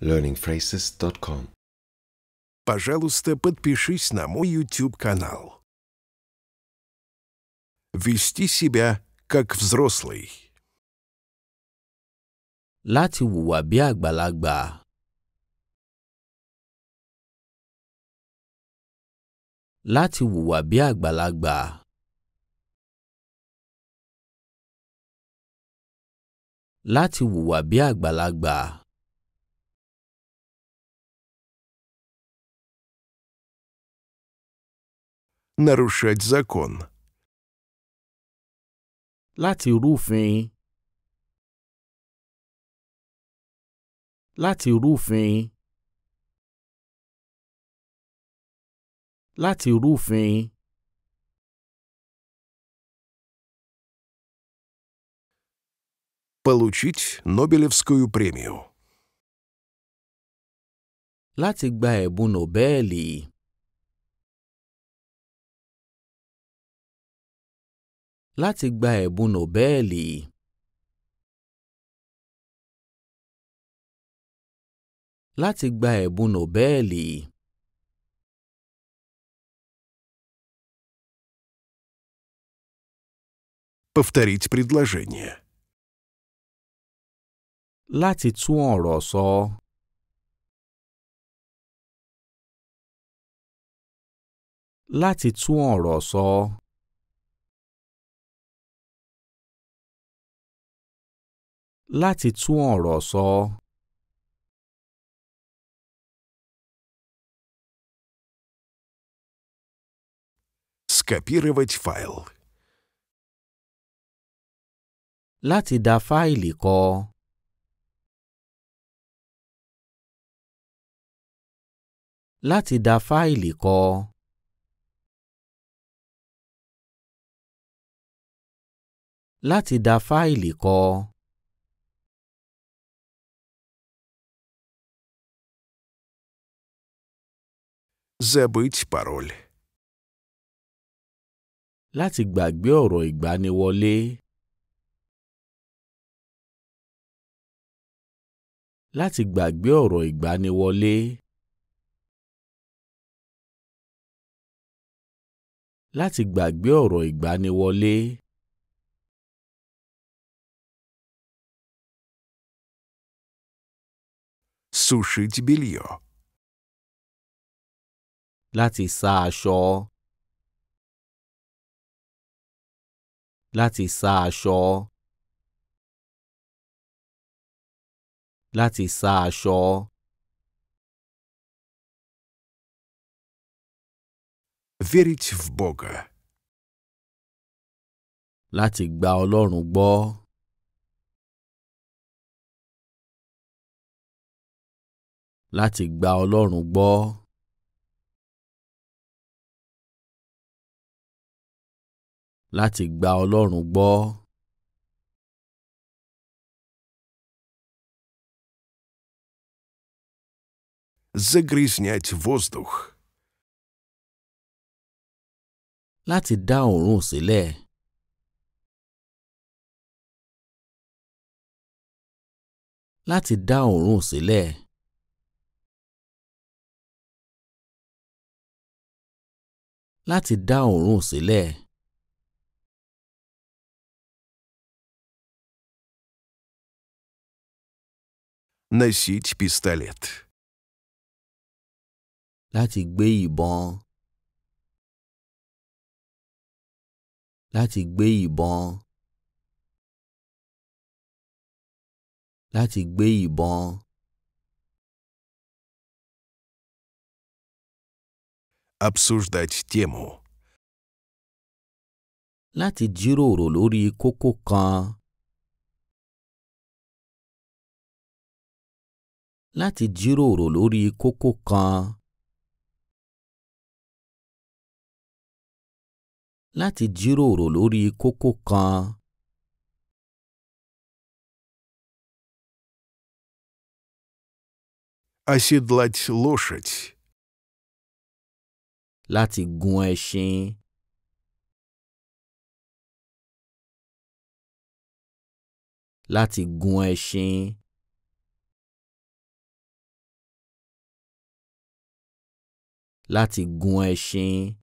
learningphrases.com. Пожалуйста, подпишись на мой YouTube-канал. Вести себя как взрослый. Láti wùwà bí àgbàlagbà. Láti wùwà bí àgbàlagbà. Láti wùwà bí àgbàlagbà. нарушать закон. Láti rúfin. Láti rúfin. Láti rúfin. Получить Нобелевскую премию. Láti gba ẹ̀bùn Nobẹ́ẹ̀lì. láti gba ẹ̀bùn nòbẹ́ẹ̀lì. láti gba ẹ̀bùn nòbẹ́ẹ̀lì. Повторить предложение. Láti tún ọ̀rọ̀ sọ. Láti tún ọ̀rọ̀ sọ. láti tún ọ̀rọ̀ sọ. Скопировать файл. Láti da fáìlì kọ. Láti da fáìlì kọ. Láti da fáìlì kọ. Забыть пароль. Láti gbàgbé ọ̀rọ̀ ìgbaniwọlé. Láti gbàgbé ọ̀rọ̀ ìgbaniwọlé. Láti gbàgbé ọ̀rọ̀ ìgbaniwọlé. Сушить белье láti sá aṣọ. láti sá aṣọ. láti sá aṣọ. Верить в Бога. Láti gba Ọlọ́run gbọ́. Láti gba Ọlọ́run gbọ́. láti gba Ọlọ́run gbọ́. Загрязнять воздух. Láti dá òórùn sílẹ̀. Láti dá òórùn sílẹ̀. Láti dá òórùn sílẹ̀. носить пистолет. Láti gbé ìbọn. Láti gbé ìbọn. Láti gbé ìbọn. Обсуждать тему. Láti jíròrò lórí kókó kan. láti jíròrò lórí kókó kan. láti jíròrò lórí kókó kan. оседлать лошадь. Láti gun ẹṣin. Láti láti gun ẹṣin.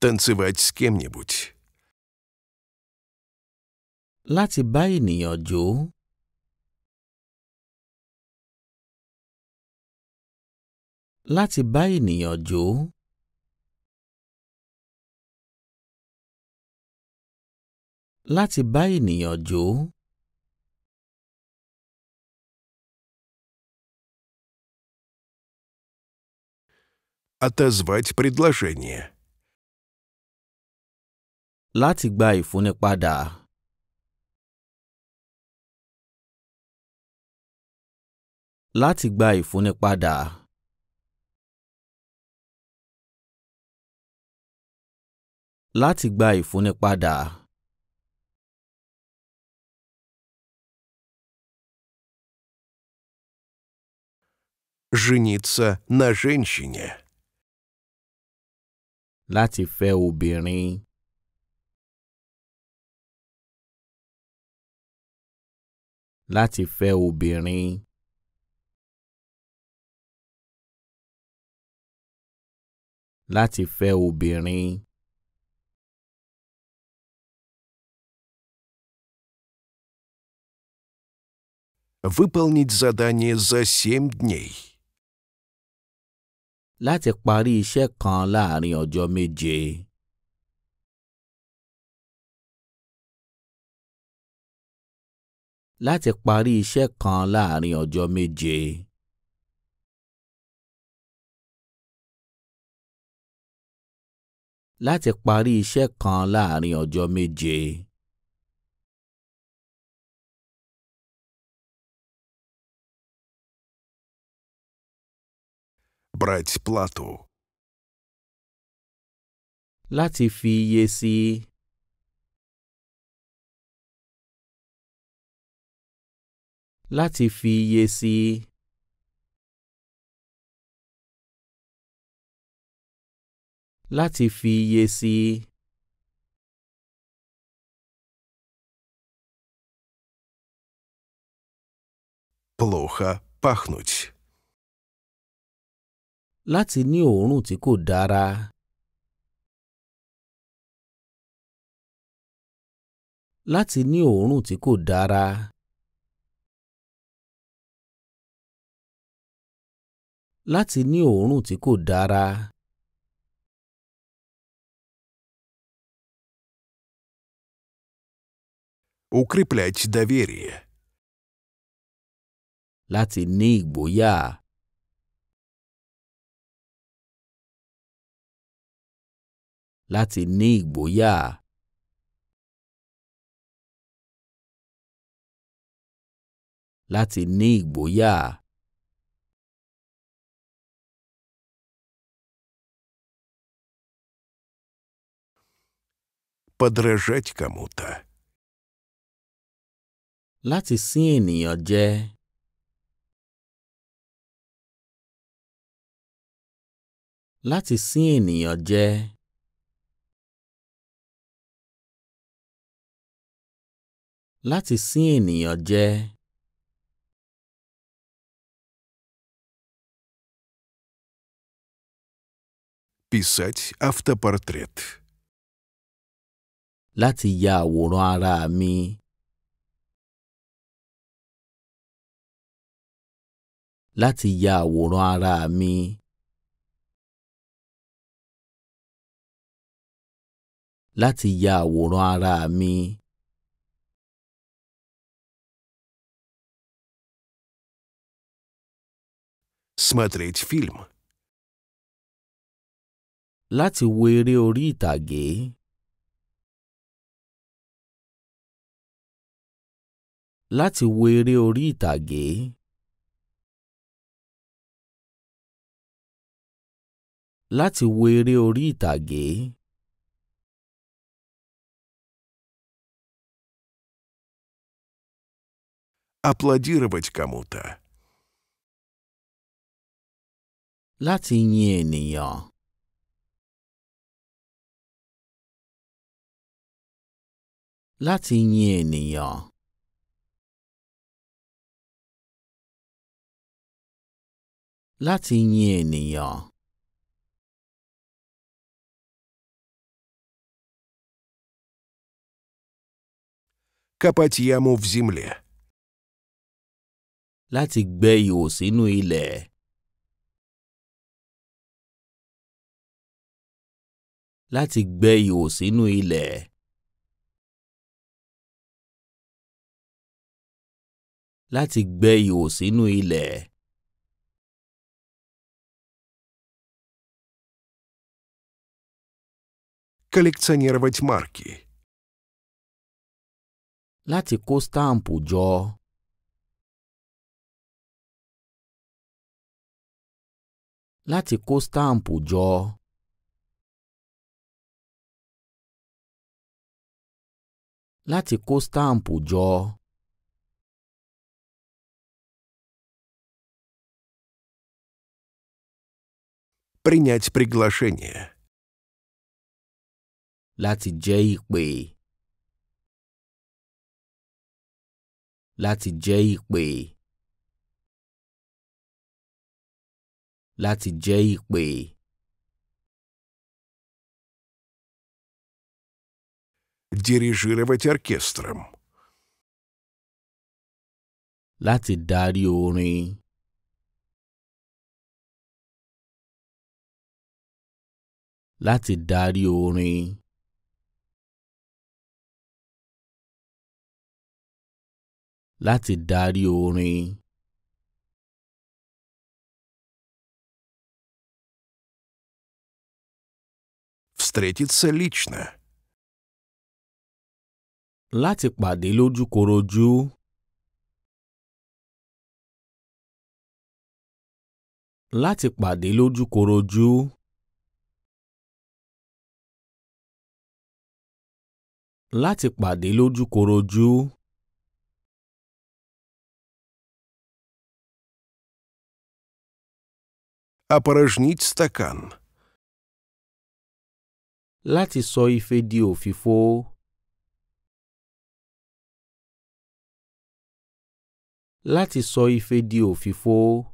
Танцевать с кем-нибудь. Láti bá ènìyàn jó. Láti bá ènìyàn jó. Láti bá ènìyàn jó. отозвать предложение. Láti gba ìfúnnipadà. Láti gba ìfúnnipadà. Láti gba ìfúnnipadà. Жениться на женщине láti fẹ́ obìnrin. láti fẹ́ obìnrin. láti fẹ́ obìnrin. Выполнить задание за семь дней. láti parí iṣẹ́ kan láàrin ọjọ́ méje. láti parí iṣẹ́ kan láàrin ọjọ́ méje. láti parí iṣẹ́ kan láàrin ọjọ́ méje. брать плату. Láti fi iye sí. Láti fi iye sí. Láti fi iye sí. Плохо пахнуть. láti ní òórùn tí kò dára. láti ní òórùn tí kò dára. láti ní òórùn tí kò dára. Укреплять доверие. Láti ní ìgboyà. láti ní ìgboyà. láti ní ìgboyà. Подражать кому-то. Láti sín ènìyàn jẹ. Láti sín ènìyàn jẹ. láti sín ènìyàn jẹ Писать автопортрет. Láti ya àwòrán ara mi. Láti ya àwòrán ara mi. Láti ya àwòrán ara mi. Смотреть фильм. Láti wo eré orí ìtàgé. Láti wo eré orí ìtàgé. Láti wo eré orí ìtàgé. Аплодировать кому-то. láti yin ènìyàn. láti yin ènìyàn. láti yin ènìyàn. Копать яму в земле. Láti gbẹ́ ihò sínú ilẹ̀. láti gbẹ ihò sínú ilẹ̀. láti gbẹ ihò sínú ilẹ̀. коллекционировать марки. Láti kó stáǹpù jọ. Láti kó stáǹpù jọ. láti kó stampu jọ. Принять приглашение. Láti jẹ́ ìpè. Láti jẹ́ ìpè. Láti jẹ́ ìpè. дирижировать оркестром. Láti darí orin. Láti darí orin. Встретиться лично. láti pàdé lójúkorojú láti pàdé lójúkorojú. láti pàdé lójúkorojú. Опорожнить стакан. Láti sọ ife di òfìfo. láti sọ ife di òfìfo.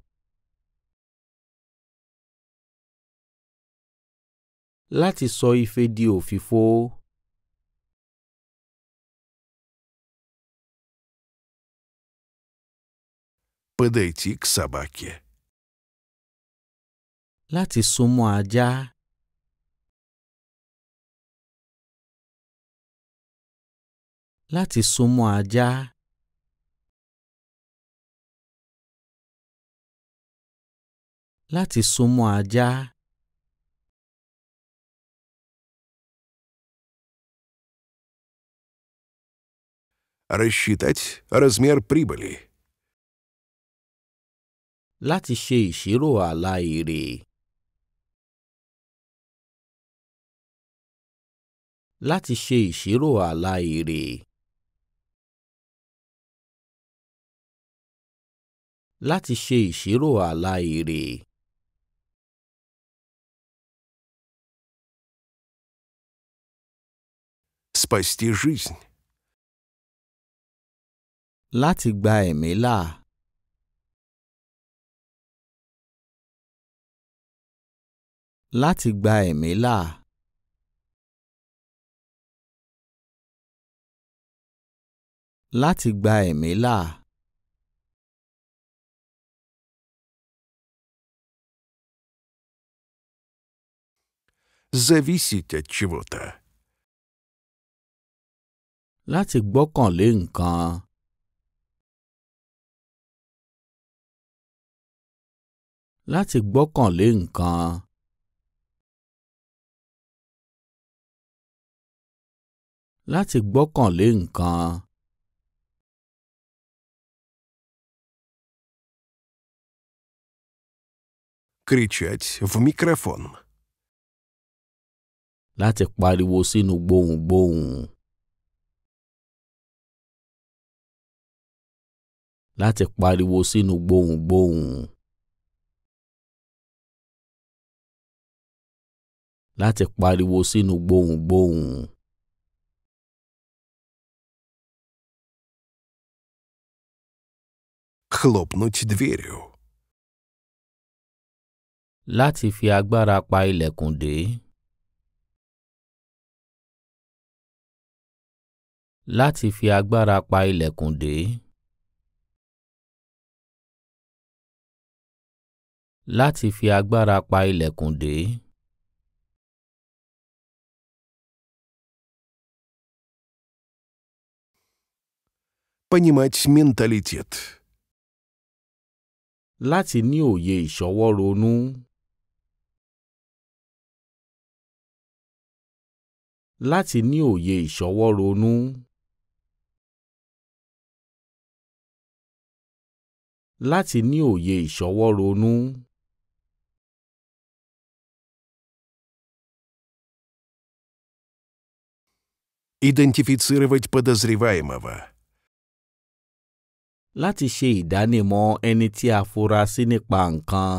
láti sọ ife di òfìfo. подойти к собаке. Láti súnmọ́ ajá. Láti súnmọ́ ajá. láti súnmọ́ ajá. Рассчитать размер прибыли. Láti ṣe ìṣirò àlà èrè. Láti ṣe ìṣirò àlà èrè. Láti ṣe ìṣirò àlà èrè. спасти жизнь. Láti gba ẹ̀mí là. Láti gba ẹ̀mí là. Láti gba ẹ̀mí là. Зависеть от чего-то. láti gbọ́kànlé nǹkan. láti gbọ́kànlé nǹkan. láti gbọ́kànlé nǹkan. кричать в микрофон. Láti pariwo sínú gbohùngbohùn. láti pariwo sínú gbohùngbohùn. láti pariwo sínú gbohùngbohùn. хлопнуть дверью. Láti fi agbára pa ilẹ̀kùn dé. Láti fi agbára pa ilẹ̀kùn dé. láti fi agbára pa ilẹ̀kùn dé. Понимать менталитет. Láti ní òye ìṣọwọ́ ronú. Láti ní òye ìṣọwọ́ ronú. Láti ní òye ìṣọwọ́ ronú. Идентифицировать подозреваемого. Láti ṣe ìdánimọ̀ ẹni tí a fura sí nípa nǹkan.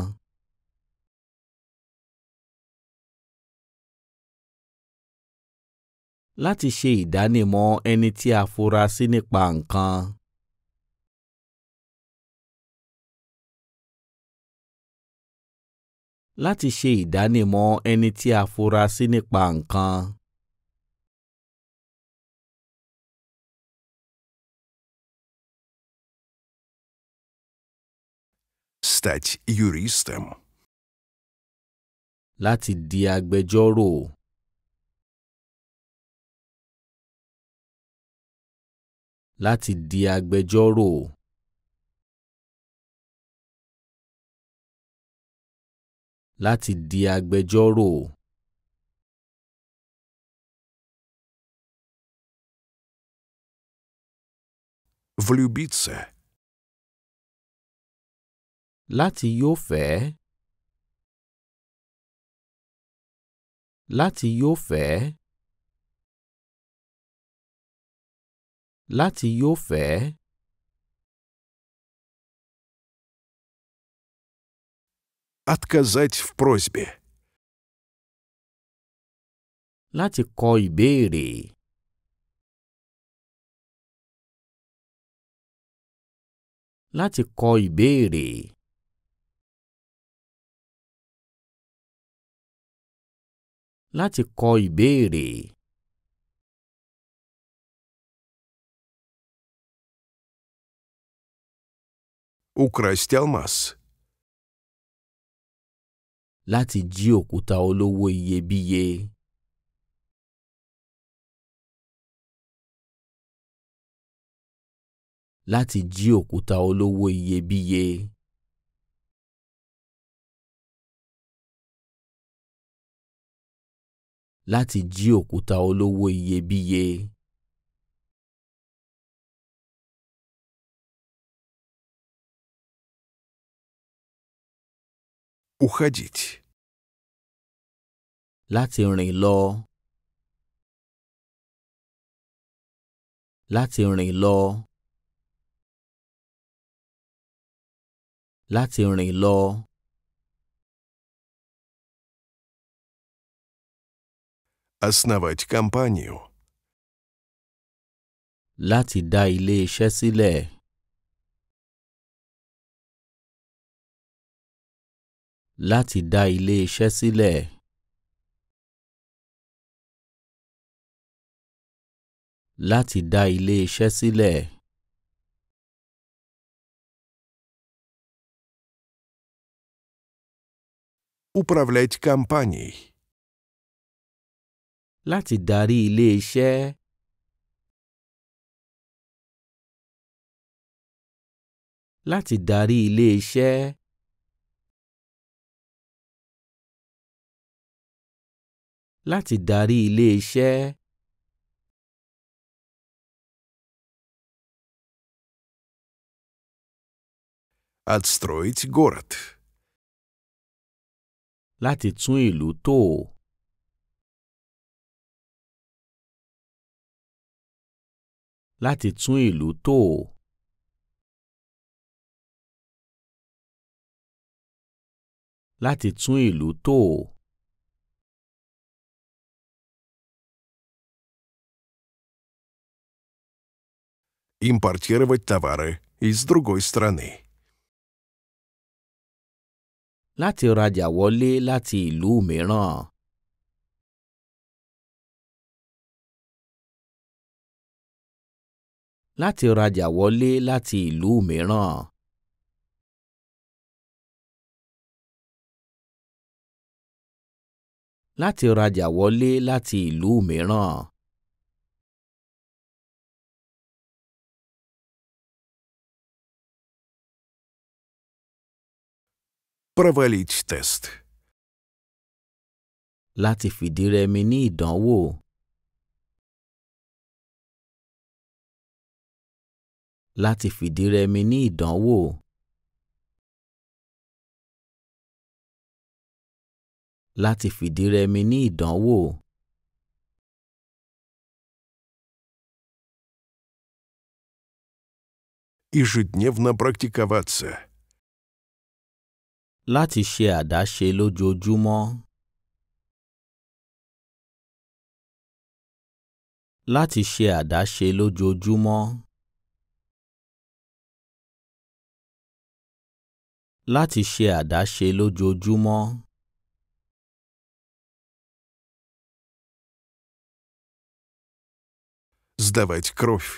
Láti ṣe ìdánimọ̀ ẹni tí a fura sí nípa nǹkan. Láti ṣe ìdánimọ̀ ẹni tí a fura sí nípa nǹkan. стать юристом. Láti di agbẹjọ́rò. Láti di agbẹjọ́rò. Láti di agbẹjọ́rò. Влюбиться. láti yóò fẹ́. láti yóò fẹ́. láti yóò fẹ́. Отказать в просьбе. Láti kọ ìbéèrè. Láti kọ ìbéèrè. láti kọ ìbéèrè. Украсть алмаз. Láti jí òkúta olówó iyebíye. Láti jí òkúta olówó iyebíye. láti jí òkúta olówó iyebíye. Уходить. Láti rìn lọ. Láti rìn lọ. Láti rìn lọ. основать компанию. Láti dá ilé-iṣẹ́ sílẹ̀. Láti dá ilé-iṣẹ́ sílẹ̀. Láti dá ilé-iṣẹ́ sílẹ̀. Управлять компанией. láti darí ilé-iṣẹ́. láti darí ilé-iṣẹ́. láti darí ilé-iṣẹ́. Отстроить город. Láti tún ìlú tò. láti tún ìlú tò. láti tún ìlú tò. Импортировать товары из другой страны. Láti rajà wọlé láti ìlú mìíràn. láti rajà wọlé láti ìlú mìíràn. láti rajà wọlé láti ìlú mìíràn. Провалить тест. Láti fìdírẹmi ní ìdánwò. láti fìdírẹmi ní ìdánwò. láti fìdírẹmi ní ìdánwò. Ежедневно практиковаться. Láti ṣe àdáṣe lójoojúmọ́. Láti ṣe àdáṣe lójoojúmọ́. láti ṣe àdáṣe lójoojúmọ́ сдавать кровь.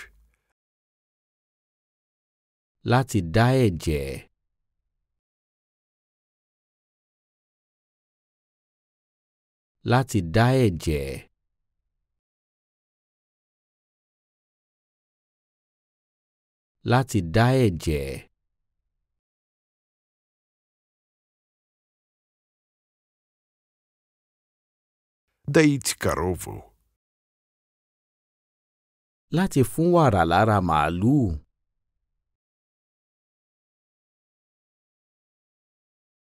Láti dá ẹ̀jẹ̀. Láti dá ẹ̀jẹ̀. Láti доить корову. Láti fún wàrà lára màálùú.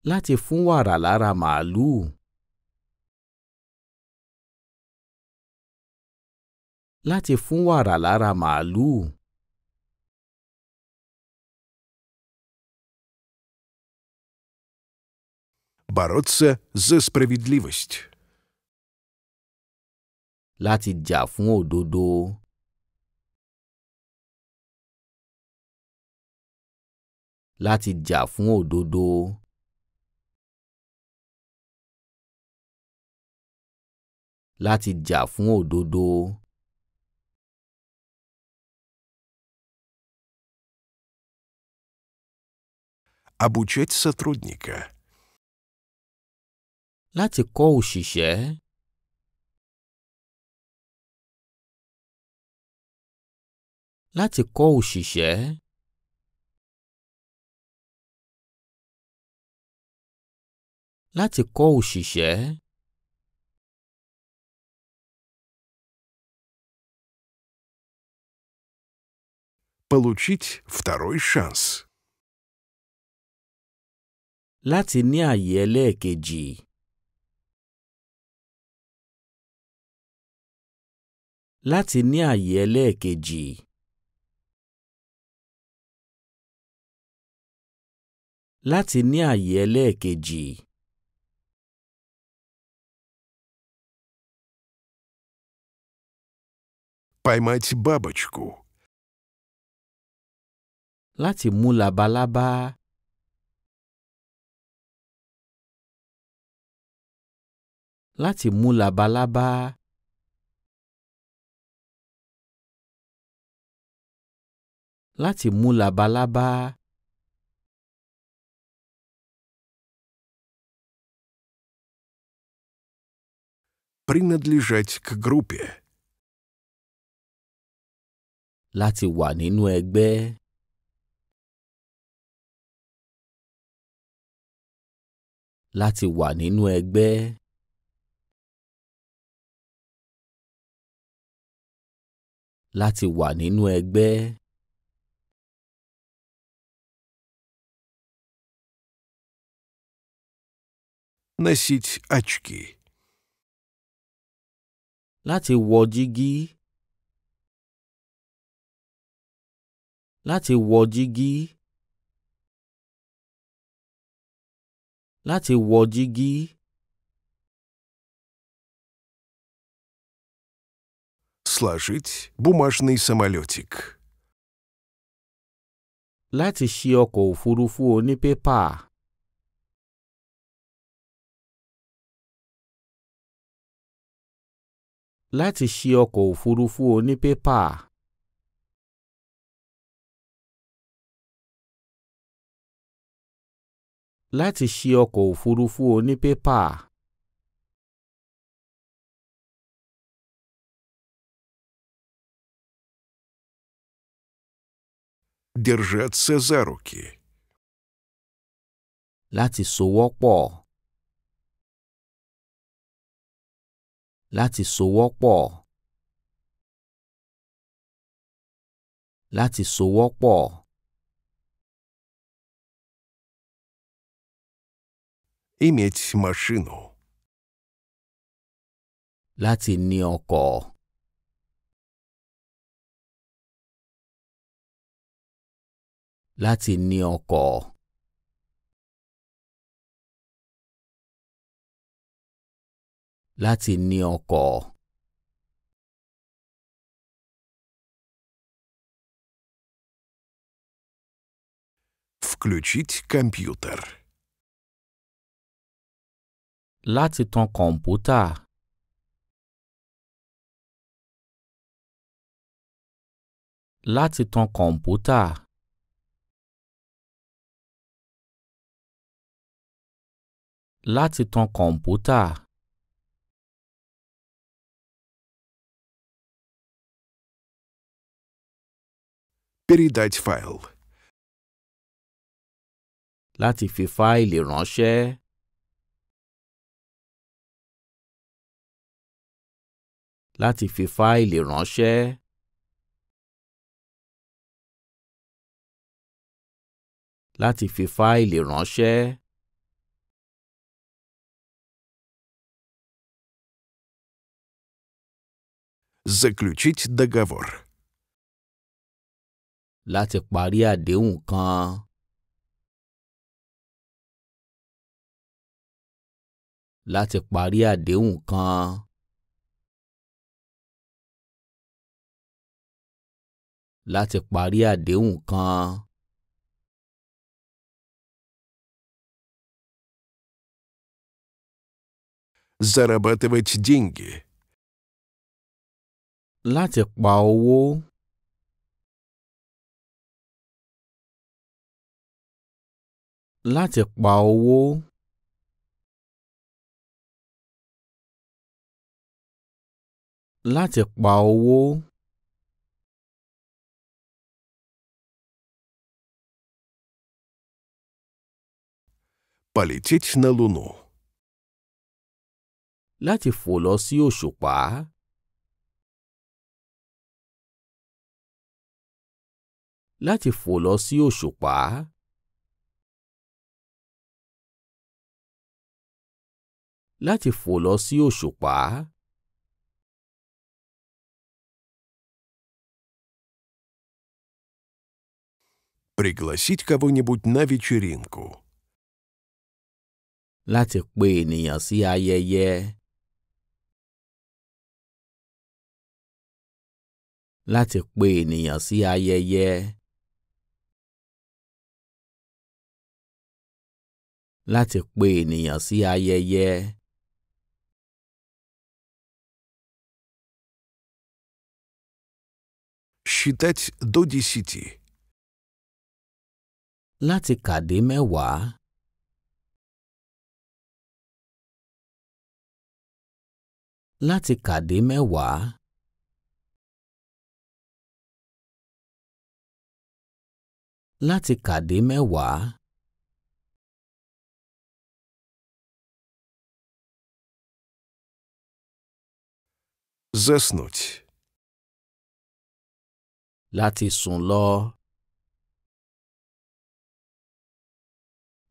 Láti fún malu. La màálùú. Láti fún wàrà lára màálùú. бороться за справедливость. láti jà fún òdodo. láti jà fún òdodo. láti jà fún òdodo. Обучать сотрудника. Láti kọ́ òṣìṣẹ́. láti kọ́ òṣìṣẹ́. láti kọ́ òṣìṣẹ́. Получить второй шанс. Láti ní àyè ẹlẹ́ẹ̀kejì. Láti ní àyè ẹlẹ́ẹ̀kejì. láti ní àyè ẹlẹ́ẹ̀kejì. Поймать бабочку. Láti mú labalábá. Láti mú labalábá. Láti mú labalábá. принадлежать к группе. Láti wà nínú ẹgbẹ́. Láti wà nínú ẹgbẹ́. Láti wà nínú ẹgbẹ́. Носить очки láti wọ jígí láti wọ jígí láti wọ jígí. Сложить бумажный самолетик. Láti ṣe ọkọ̀ òfurufú onípépà. láti ṣe ọkọ̀ òfurufú onípépà. láti ṣe ọkọ̀ òfurufú onípépà. Держаться за руки. Láti sowọ́pọ̀. láti sowọ́pọ̀ láti sowọ́pọ̀ иметь машину láti ní ọkọ̀ láti ní ọkọ̀ láti ní ọkọ̀. Включить компьютер. Láti tan kọ̀ǹpútà. Láti tan kọ̀ǹpútà. Láti tan kọ̀ǹpútà. Передать файл. Láti fi fáìlì ránṣẹ́. Láti fi fáìlì ránṣẹ́. Láti fi fáìlì ránṣẹ́. Заключить договор. láti parí àdéhùn kan. láti parí àdéhùn kan. láti parí àdéhùn kan. зарабатывать деньги. Láti pa láti pa owó. láti pa owó. Полететь на Луну. Láti fò lọ sí òṣùpá. Láti fò lọ sí òṣùpá. láti fò lọ sí òṣùpá. Пригласить кого-нибудь на вечеринку. Láti pe ènìyàn sí ayẹyẹ. Láti pe ènìyàn sí ayẹyẹ. Láti pe ènìyàn sí ayẹyẹ. Считать до десяти. Láti kàdé mẹ́wàá. Láti kàdé mẹ́wàá. Láti kàdé mẹ́wàá. Заснуть. láti sùn lọ.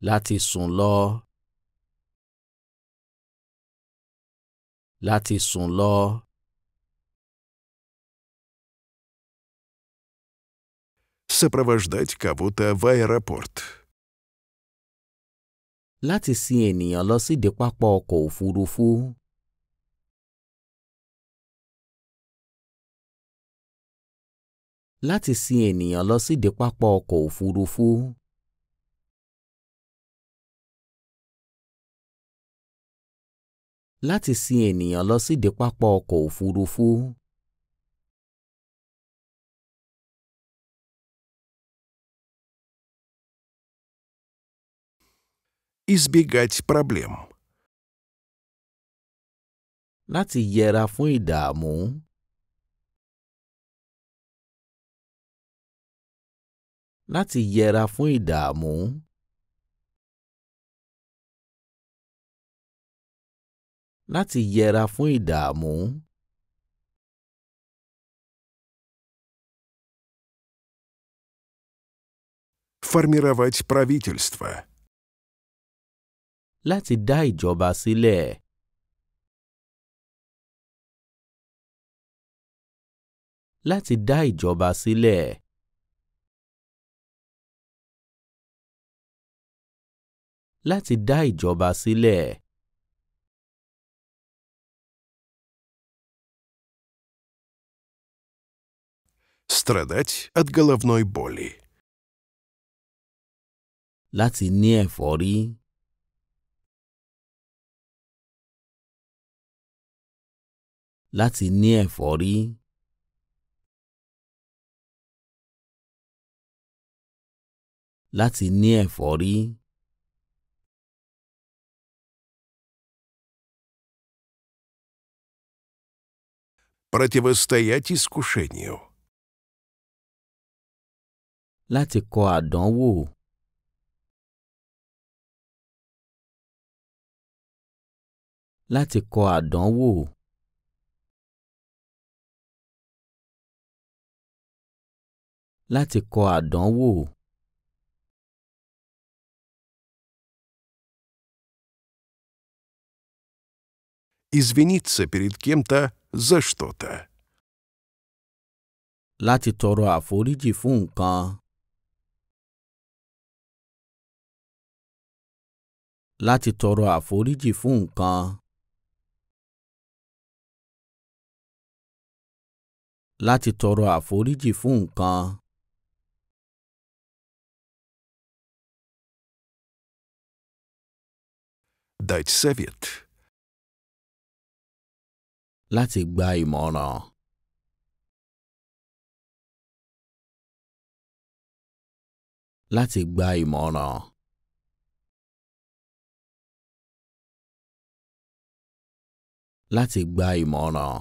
láti sùn lọ. láti sùn lọ. Сопровождать кого-то в аэропорт. Láti sin ènìyàn lọ sídìí pápá ọkọ̀ òfurufú. láti sin ènìyàn lọ sídìí pápá ọkọ̀ òfurufú. láti sin ènìyàn lọ sídìí pápá ọkọ̀ òfurufú. Избегать проблем. Láti yẹra fún ìdààmú. láti yẹra fún ìdààmú. láti yẹra fún ìdààmú. Формировать правительство. Láti dá ìjọba sílẹ̀. Láti dá ìjọba sílẹ̀. láti dá ìjọba sílẹ̀. Страдать от головной боли. Láti ní ẹ̀fọ́rí. Láti ní ẹ̀fọ́rí. Láti ní ẹ̀fọ́rí. противостоять искушению. Láti kọ àdánwò. Láti kọ àdánwò. Láti kọ àdánwò. Извиниться перед кем-то за что-то. Láti tọrọ àforíjì fún nǹkan. Láti tọrọ àforíjì fún nǹkan. Láti tọrọ àforíjì fún nǹkan. Дать совет láti gba ìmọ̀ràn. láti gba ìmọ̀ràn. láti gba ìmọ̀ràn.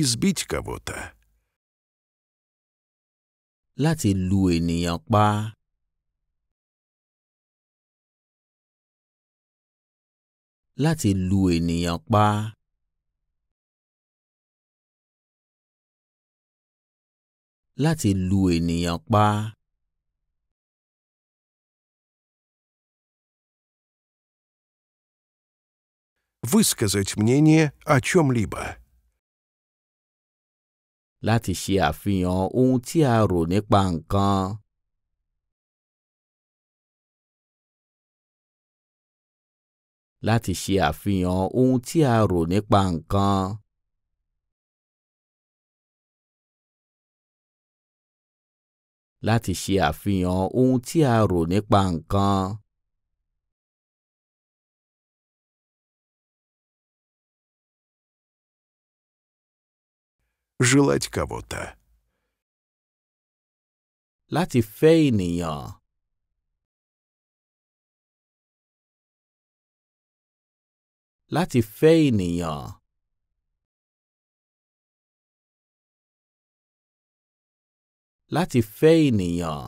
Избить кого-то. Láti lu ènìyàn pa. láti lu ènìyàn pa. láti lu ènìyàn pa. Высказать мнение о чем-либо. Láti ṣe àfihàn ohun tí a rò nípa nǹkan. láti ṣe àfihàn ohun tí a rò nípa nǹkan. láti ṣe àfihàn ohun tí a rò nípa nǹkan. Желать кого-то. Láti fẹ́ ènìyàn. láti fẹ́ ènìyàn. láti fẹ́ ènìyàn.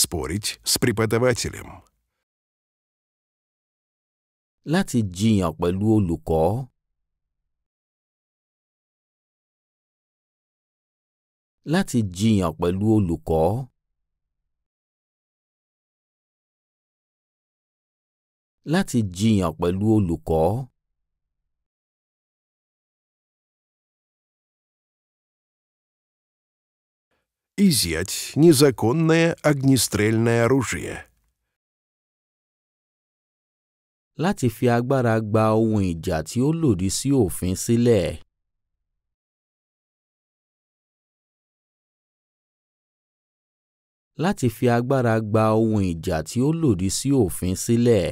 Спорить с преподавателем. Láti jiyàn pẹ̀lú olùkọ́. Láti jiyàn pẹ̀lú olùkọ́. láti jiyàn pẹ̀lú olùkọ́. Изъять незаконное огнестрельное оружие. Láti fi agbára gba ohun ìjà tí ó lòdì sí òfin sílẹ̀. Láti fi agbára gba ohun ìjà tí ó lòdì sí òfin sílẹ̀.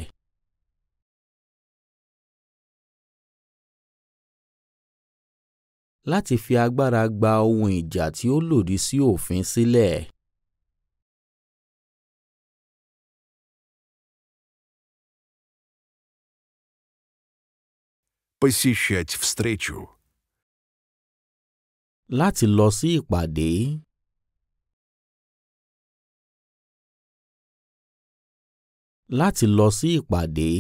láti fi agbára gba ohun ìjà tí ó lòdì sí òfin sílẹ̀. Посещать встречу. Láti lọ sí ìpàdé. Láti lọ sí ìpàdé.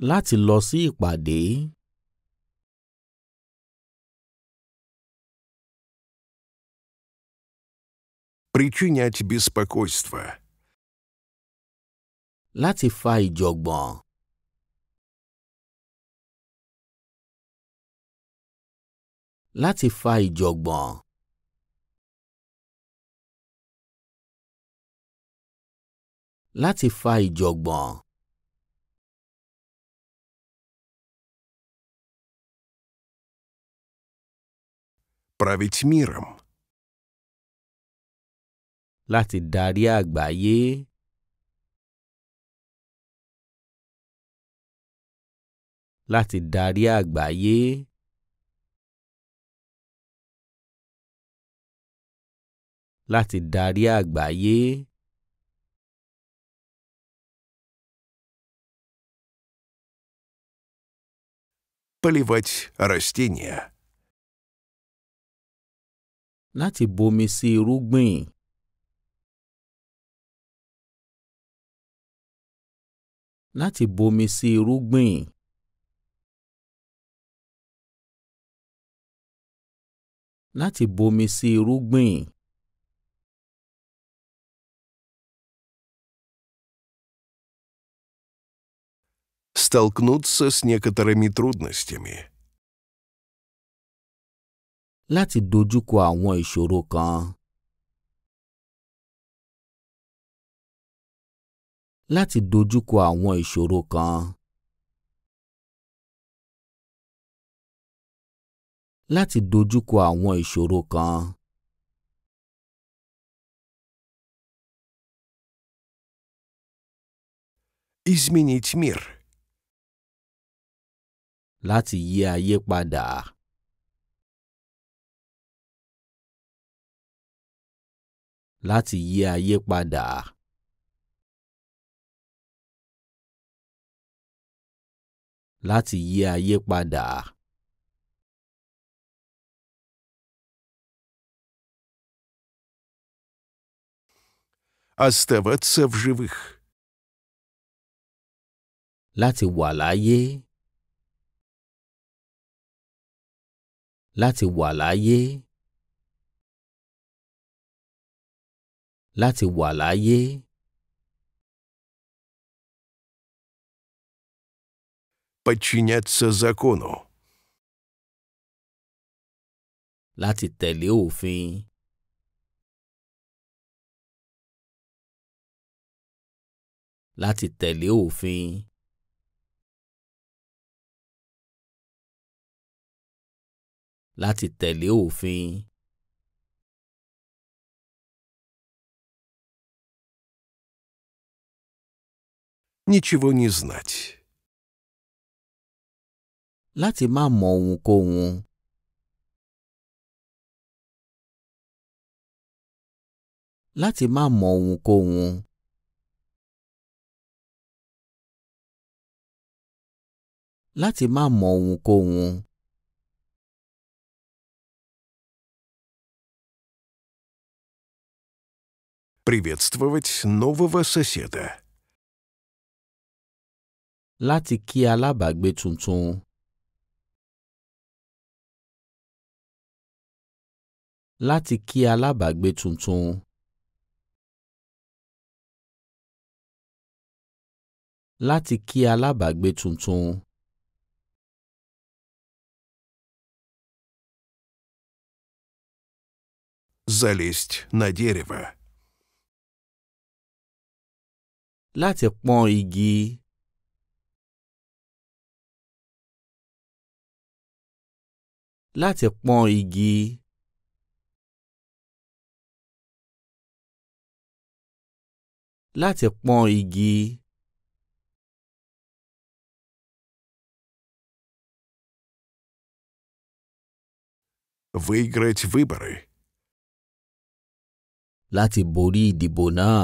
láti lọ sí ìpàdé. Причинять беспокойство. Láti fa ìjọ̀gbọ̀n. Láti fa ìjọ̀gbọ̀n. Láti fa ìjọ̀gbọ̀n. править миром. Láti darí àgbáyé. Láti darí àgbáyé. Láti darí àgbáyé. Поливать растения láti bomi sí irúgbìn. láti bomi sí irúgbìn. láti bomi sí irúgbìn. Столкнуться с некоторыми трудностями. láti dojúkọ àwọn ìṣòro kan. láti dojúkọ àwọn ìṣòro kan. láti dojúkọ àwọn ìṣòro kan. Изменить мир. Láti yí ayé padà. láti yí ayé padà. láti yí ayé padà. Оставаться в живых. Láti wà láyé. Láti wà láyé. láti wà láyé. Подчиняться закону. Láti tẹ̀lé òfin. Láti tẹ̀lé òfin. Láti tẹ̀lé òfin. ничего не знать. Láti má mọ ohunkóhun. Láti má mọ ohunkóhun. Láti má mọ ohunkóhun. Приветствовать нового соседа. láti kí alábàágbé tuntun láti kí alábàágbé tuntun. láti kí alábàágbé tuntun. Залезть на дерево. Láti pọ́n igi. láti pọ́n igi. láti pọ́n igi. выиграть выборы. Láti borí ìdìbò náà.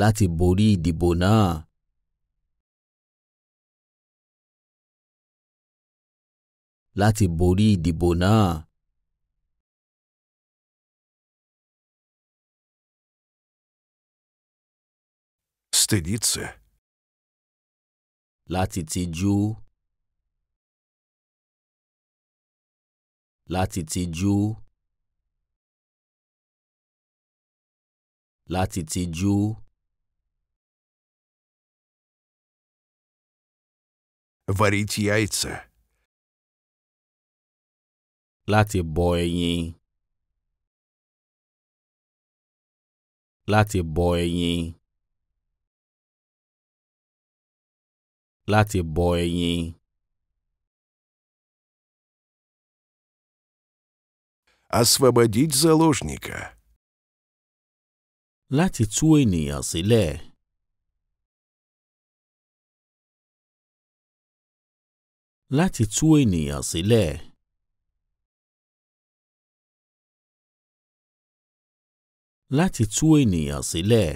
Láti borí ìdìbò náà. láti borí ìdìbò náà. Стыдиться. Láti tijú. Láti tijú. Láti tijú. Варить яйца láti bọ ẹyin láti bọ ẹyin láti bọ ẹyin. Освободить заложника. Láti tú ènìyàn sílẹ̀. Láti tú ènìyàn sílẹ̀. láti tú ènìyàn sílẹ̀.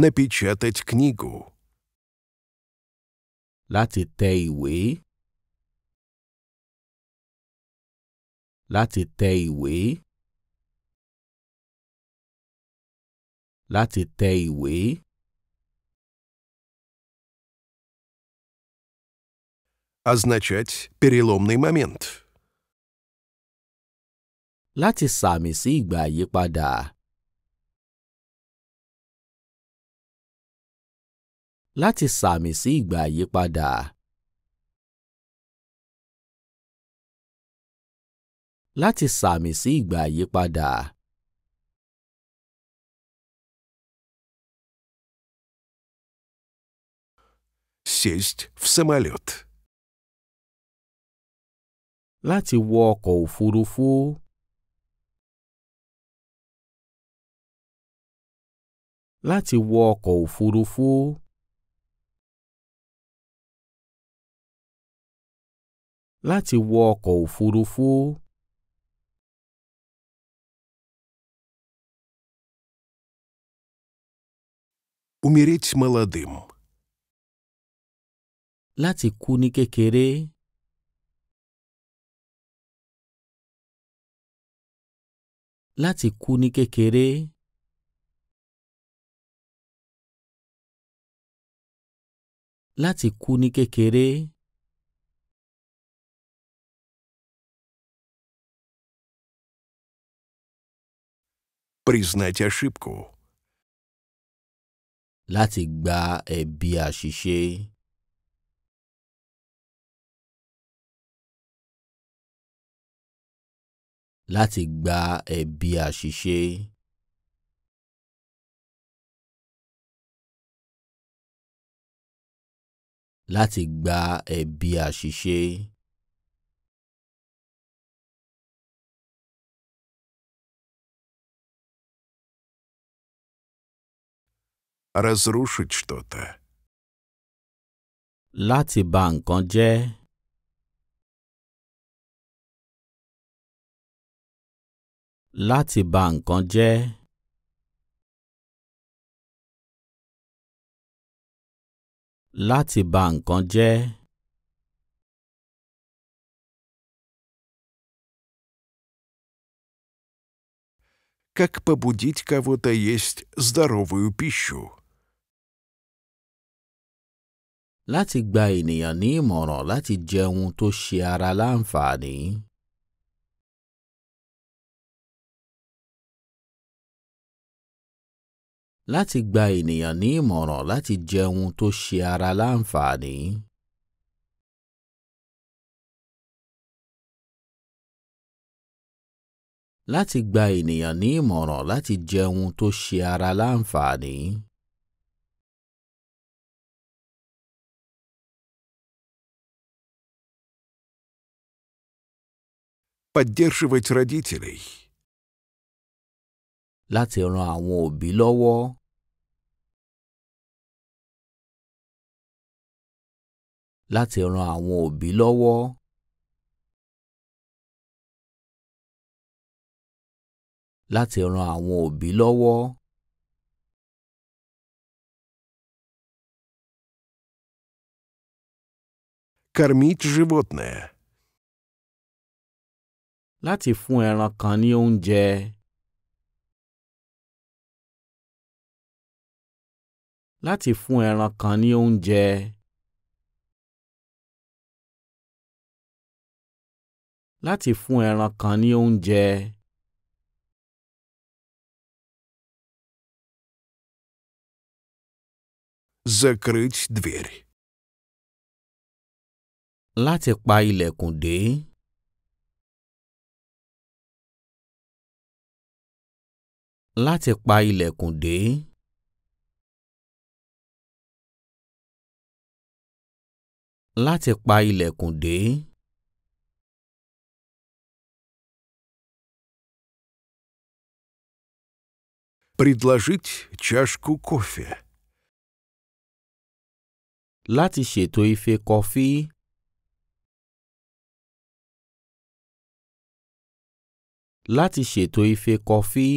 Напечатать книгу. Láti tẹ ìwé. Láti tẹ ìwé. означать переломный момент. Láti сами sí ìgbà àyípadà. Láti сами sí ìgbà àyípadà. Láti sàmì sí ìgbà àyípadà. Сесть в самолет. láti wọ ọkọ̀ òfurufú. láti wọ ọkọ̀ òfurufú. láti wọ ọkọ̀ òfurufú. Умереть молодым. Láti kú ní láti kú ní kékeré. láti kú ní kékeré. Признать ошибку. Láti gba ẹ̀bi àṣìṣe. láti gba ẹ̀bi àṣìṣe láti gba ẹ̀bi àṣìṣe. Разрушить что-то. Láti bà láti ba nǹkan jẹ́. láti ba nǹkan jẹ́. Как побудить кого-то есть здоровую пищу? Láti gba ènìyàn ní ìmọ̀ràn láti jẹun tó ṣe ara láǹfààní. láti gba ènìyàn ní ìmọ̀ràn láti jẹun tó ṣe ara láǹfààní. láti gba ènìyàn ní ìmọ̀ràn láti jẹun tó ṣe ara láǹfààní. Поддерживать родителей. Láti ran láti ran àwọn òbí lọ́wọ́. láti ran àwọn òbí lọ́wọ́. Кормить животное. Láti fún ẹran kan ní oúnjẹ. Láti fún ẹran kan ní oúnjẹ. láti fún ẹran kan ní oúnjẹ. Закрыть дверь. Láti pa ilẹ̀kùn dé. Láti pa ilẹ̀kùn dé. Láti pa ilẹ̀kùn dé. предложить чашку кофе. Láti ṣètò ife kọfí. Láti ṣètò ife kọfí.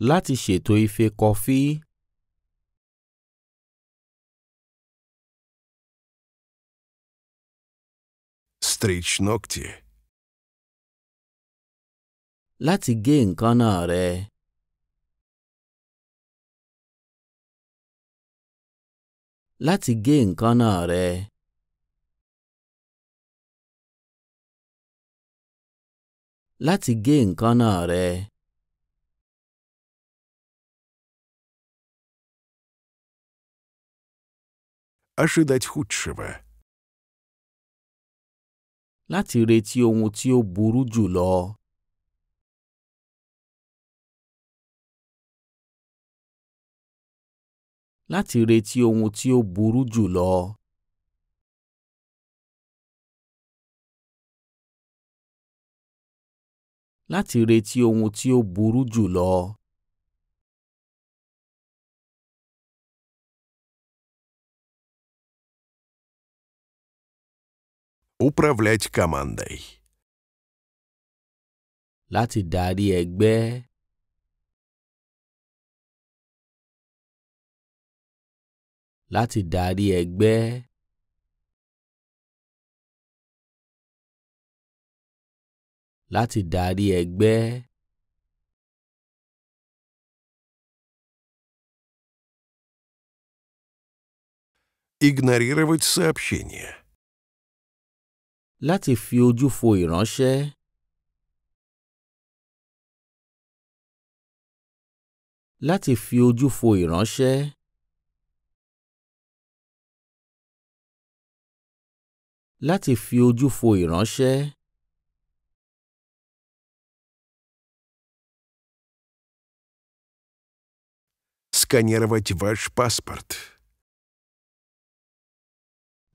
Láti ṣètò ife kọfí. Стричь ногти. láti gé nǹkan náà rẹ. láti gé nǹkan náà rẹ. láti gé nǹkan náà rẹ. Ожидать худшего. Láti retí ohun tí ó burú jùlọ. láti retí ohun tí ó burú jù lọ. láti retí ohun tí ó burú jù lọ. Управлять командой. Лати дари ẹgbẹ́. láti darí ẹgbẹ́. láti darí ẹgbẹ́. Игнорировать сообщение. Láti fi ojú fo ìránṣẹ́. Láti fi ojú fo ìránṣẹ́. láti fi ojú fo ìránṣẹ́ сканировать ваш паспорт.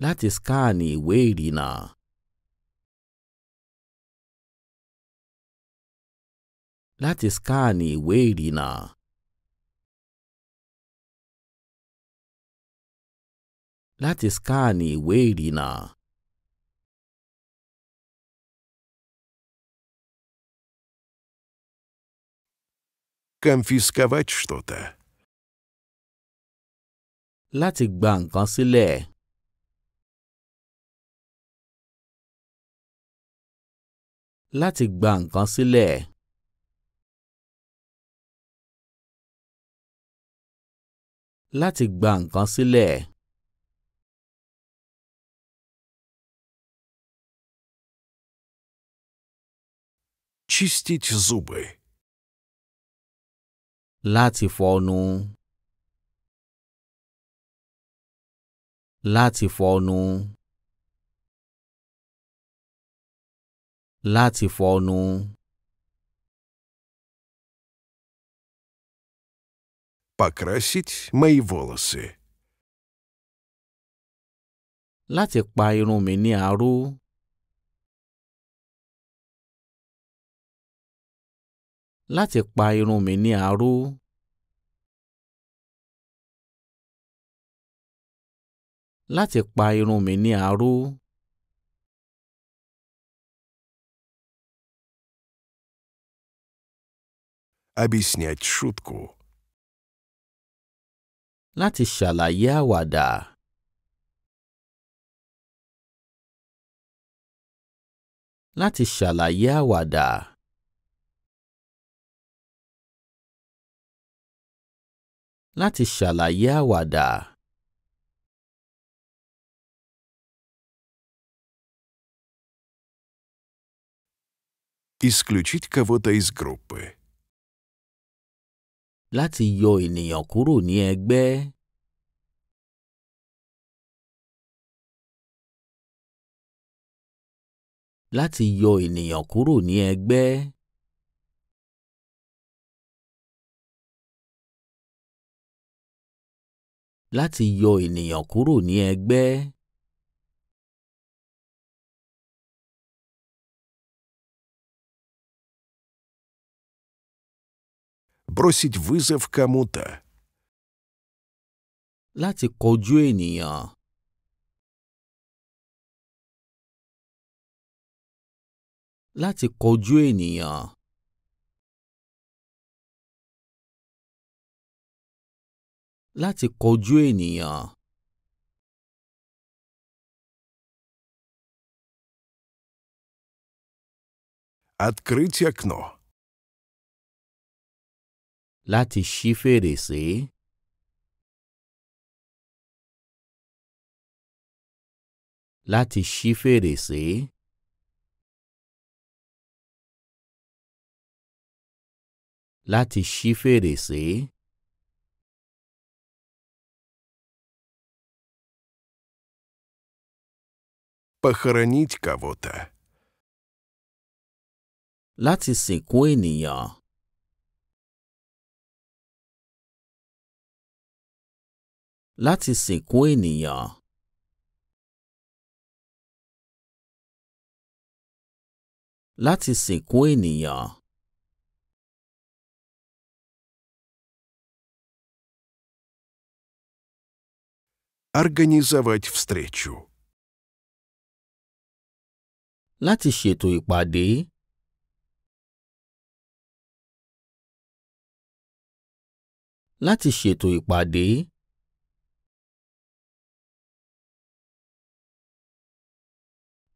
Láti skáàni ìwé ìrìnnà. Láti skáàni ìwé ìrìnnà. Láti skáàni ìwé ìrìnnà. конфисковать что-то. Láti gba nǹkan sílẹ̀. Láti gba nǹkan sílẹ̀. Láti gba nǹkan sílẹ̀. Чистить зубы. láti fọnu láti fọnu láti fọnu. Покрасить мои волосы. Láti pa irun mi ní aró. láti pa irun mi ní aró. láti pa irun mi ní aró. Объяснять шутку. Láti ṣàlàyé àwàdà. Láti ṣàlàyé àwàdà. láti ṣàlàyé àwàdà. Исключить кого-то из группы. Láti yọ ènìyàn kúrò ní ẹgbẹ́. Láti yọ ènìyàn kúrò ní ẹgbẹ́. láti yọ ènìyàn kúrò ní ẹgbẹ́. Бросить вызов кому-то. Láti kọjú ènìyàn. Láti láti kojú ènìyàn. Открыть окно. Láti ṣí fèrèsé. Láti ṣí fèrèsé. Láti ṣí fèrèsé. похоронить кого-то. Láti sìnkú ènìyàn. Láti sìnkú ènìyàn. Láti sìnkú ènìyàn. Организовать встречу. láti ṣètò ìpàdé láti ṣètò ìpàdé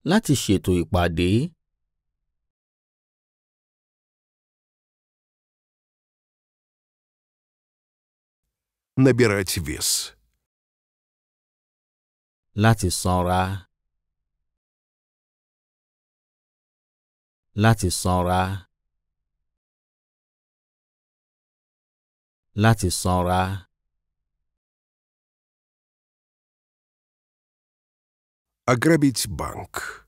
láti ṣètò ìpàdé набирать вес. Láti sanra. láti sanra láti sanra. Ограбить банк.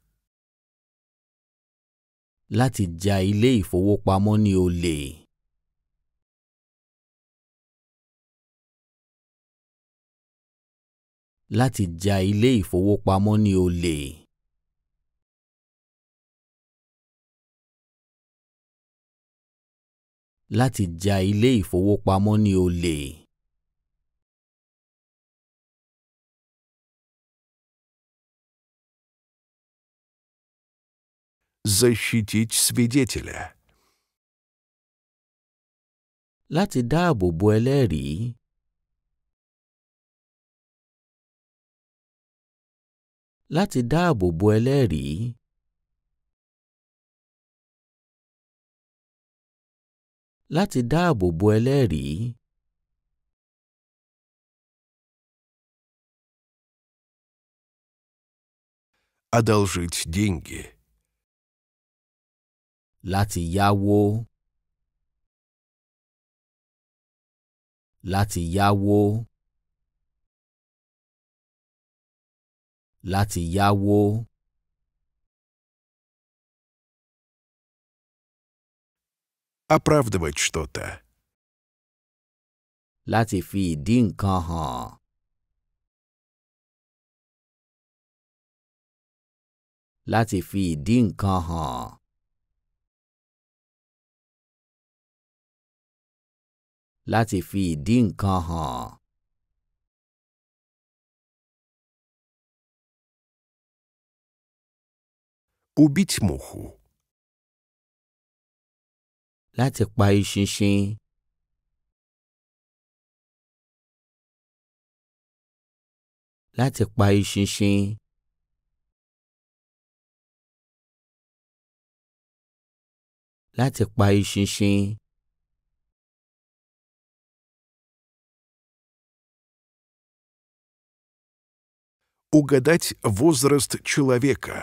Láti ja ilé ìfowópamọ́ ní olè. Láti ja ilé ìfowópamọ́ ní olè. láti ja ilé ìfowópamọ́ ní olè. Защитить свидетеля. Láti dáàbò bo ẹlẹ́rìí. Láti dáàbò bo ẹlẹ́rìí. láti dáàbò bo ẹlẹ́rìí. Одолжить деньги. Láti yáwó. Láti yáwó. Láti yáwó. оправдывать что-то. Láti fi ìdí nǹkan hàn. Láti fi ìdí nǹkan hàn. Láti fi ìdí nǹkan hàn. Убить муху láti pa eṣinṣin. láti pa eṣinṣin. láti pa eṣinṣin. Угадать возраст человека.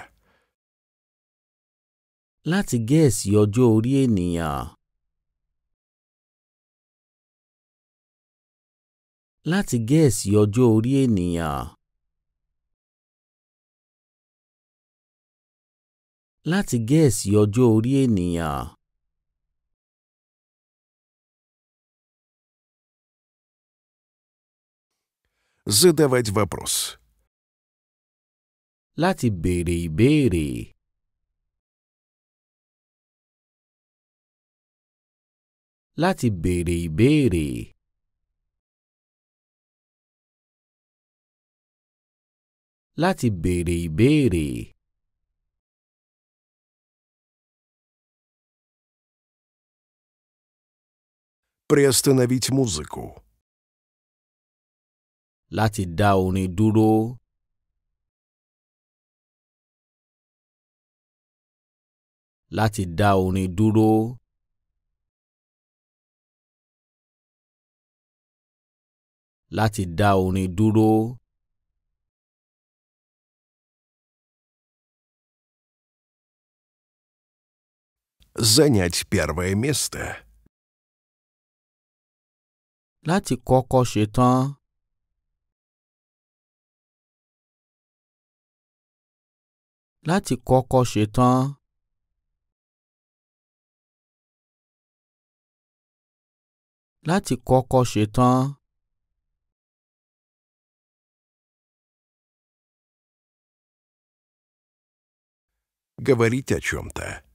Láti gẹ̀ẹ́sì ọjọ́ orí ènìyàn. láti gẹ̀ẹ́sì ọjọ́ orí ènìyàn. láti gẹ̀ẹ́sì ọjọ́ orí ènìyàn. Задавать вопрос. Láti béèrè ìbéèrè. Láti béèrè ìbéèrè. láti béèrè ìbéèrè. Приостановить музыку. Láti dá orin dúró. Láti dá orin dúró. Láti dá orin dúró. занять первое место. Láti kọ́kọ́ ṣetán. Láti kọ́kọ́ ṣetán. Láti kọ́kọ́ ṣetán. Говорить о чем-то.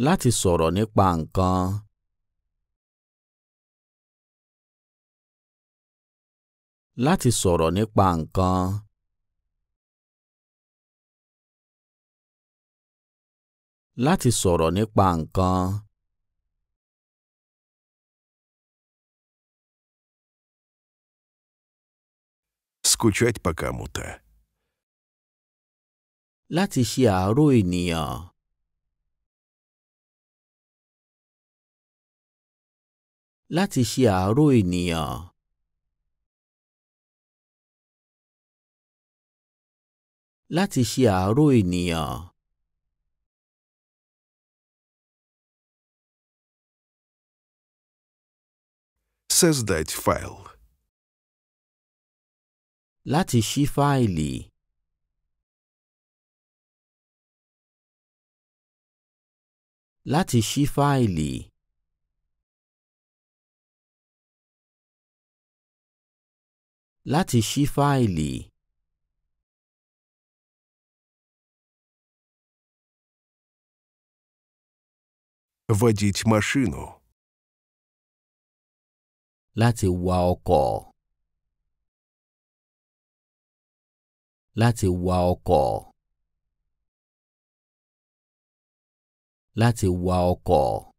láti sọ̀rọ̀ nípa nǹkan. láti sọ̀rọ̀ nípa nǹkan. láti sọ̀rọ̀ nípa nǹkan. Скучать по кому-то. Láti ṣe àárò láti ṣe àárò ènìyàn. láti ṣe àárò ènìyàn. создать file Láti ṣí fáìlì. Láti ṣí fáìlì. láti ṣí fáìlì водить машину. Láti wa ọkọ̀. Láti wa ọkọ̀. Láti wa ọkọ̀.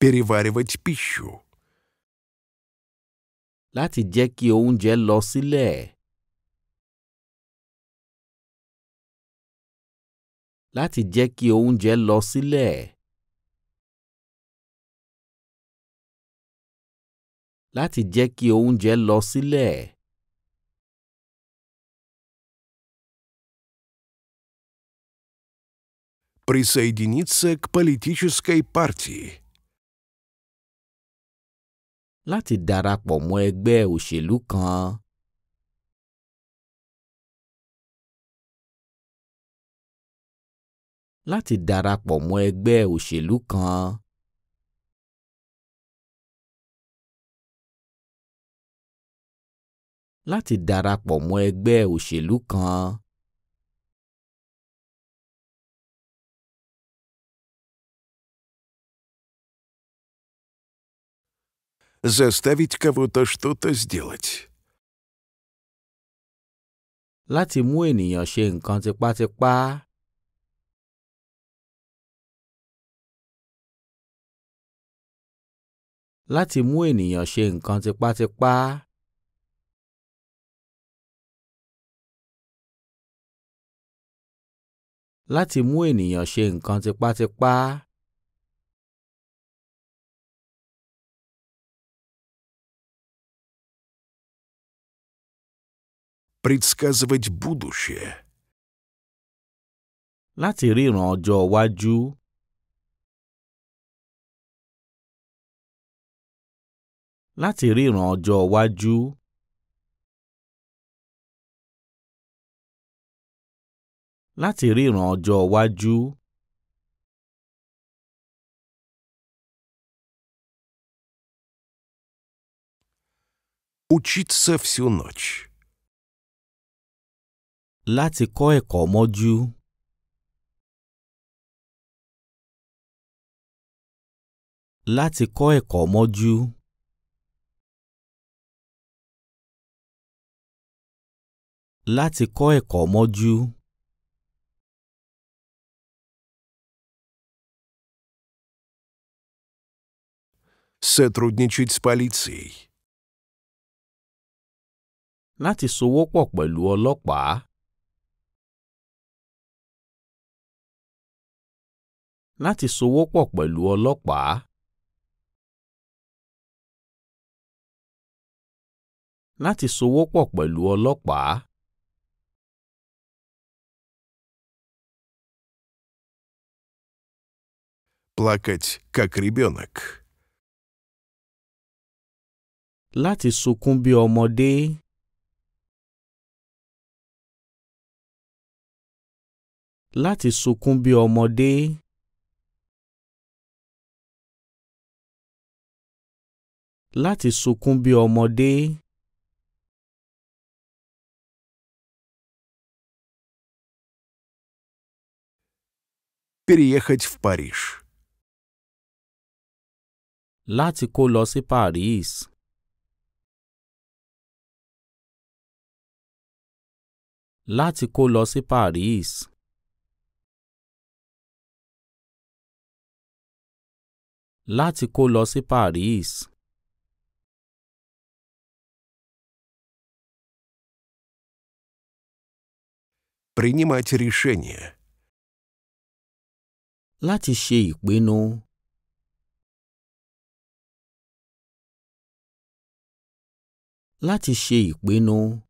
переваривать пищу. Láti jẹ́ kí oúnjẹ lọ sílẹ̀. Láti jẹ́ kí oúnjẹ lọ sílẹ̀. Láti jẹ́ kí oúnjẹ lọ sílẹ̀. Присоединиться к политической партии. láti darapọ̀ mọ́ ẹgbẹ́ òṣèlú kan. láti darapọ̀ mọ́ ẹgbẹ́ òṣèlú kan. láti darapọ̀ mọ́ ẹgbẹ́ òṣèlú kan. заставить кого-то что-то сделать. Láti mú ènìyàn ṣe nǹkan tipátipá. Láti mú ènìyàn ṣe nǹkan tipátipá. Láti mú ènìyàn ṣe nǹkan tipátipá. предсказывать будущее. Láti ríran ọjọ́ iwájú. Láti ríran ọjọ́ iwájú. Láti ríran ọjọ́ iwájú. Учиться всю ночь. láti kọ́ ẹ̀kọ́ mọ́jú. láti kọ́ ẹ̀kọ́ mọ́jú. láti kọ́ ẹ̀kọ́ mọ́jú. Сотрудничать с полицией. Láti sowọ́pọ̀ pẹ̀lú ọlọ́pàá. láti sowọ́pọ̀ pẹ̀lú ọlọ́pàá. láti sowọ́pọ̀ pẹ̀lú ọlọ́pàá. Плакать, как ребенок. Láti sunkún bí ọmọdé. Láti sunkún bí ọmọdé. láti sunkún bí ọmọdé. Переехать в Париж. Láti kó lọ sí Paris. Láti kó lọ sí Paris. Láti kó lọ sí Paris. Принимать решения. Láti ṣe ìpinnu. Láti ṣe ìpinnu.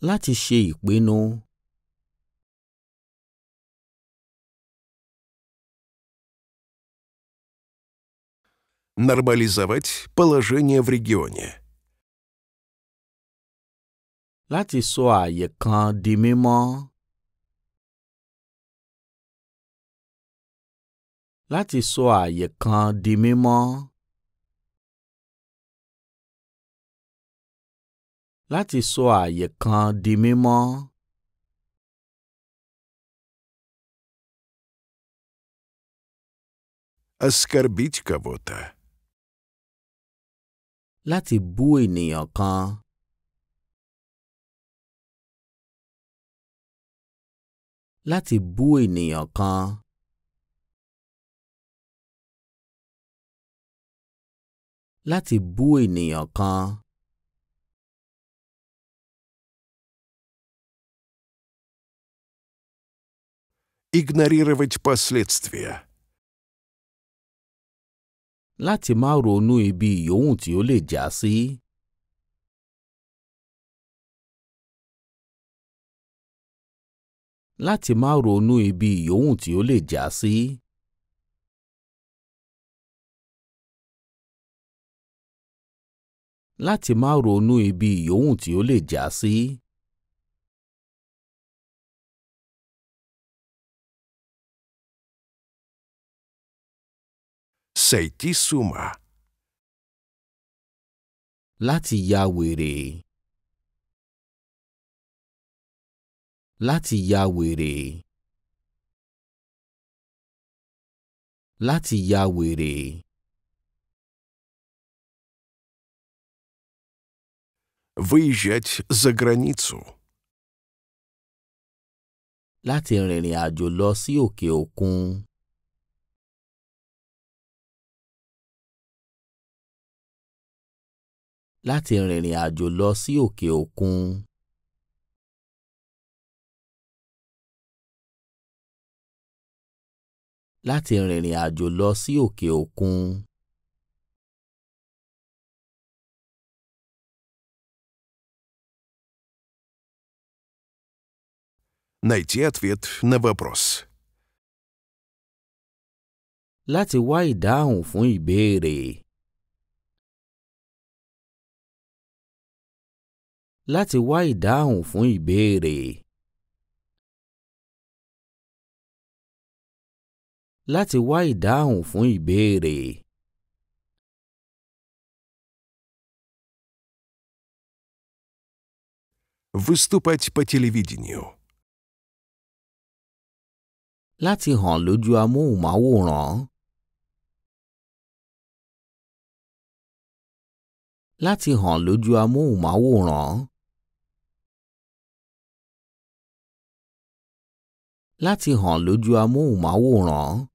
Láti ṣe ìpinnu. Нормализовать положение в регионе. láti sọ ààyè kan di mímọ́. láti sọ ààyè kan di mímọ́. láti sọ ààyè kan di mímọ́. Оскорбить кого-то. Láti bú ènìyàn láti bú ènìyàn kan. láti bú ènìyàn kan. Игнорировать последствия. Láti má ronú ibi ìyóhùn tí ó lè já sí. láti má ronú ibi ìyóhùn tí ó lè já sí. láti má ronú ibi ìyóhùn tí ó lè já sí. Сойти с ума. Láti ya wèrè. láti ya wèrè láti ya wèrè. Выезжать за границу. Láti rìnrìn àjò lọ sí òkè òkun. Láti rìnrìn àjò lọ sí òkè òkun. láti rìnrìn àjò lọ sí òkè òkun. Найти ответ на вопрос. Láti wá ìdáhùn fún ìbéèrè. Láti wá ìdáhùn fún ìbéèrè. láti wá ìdáhùn fún ìbéèrè. Выступать по телевидению. Láti hàn lójú amóhùnmáwòrán. Láti hàn lójú amóhùnmáwòrán. Láti hàn lójú amóhùnmáwòrán.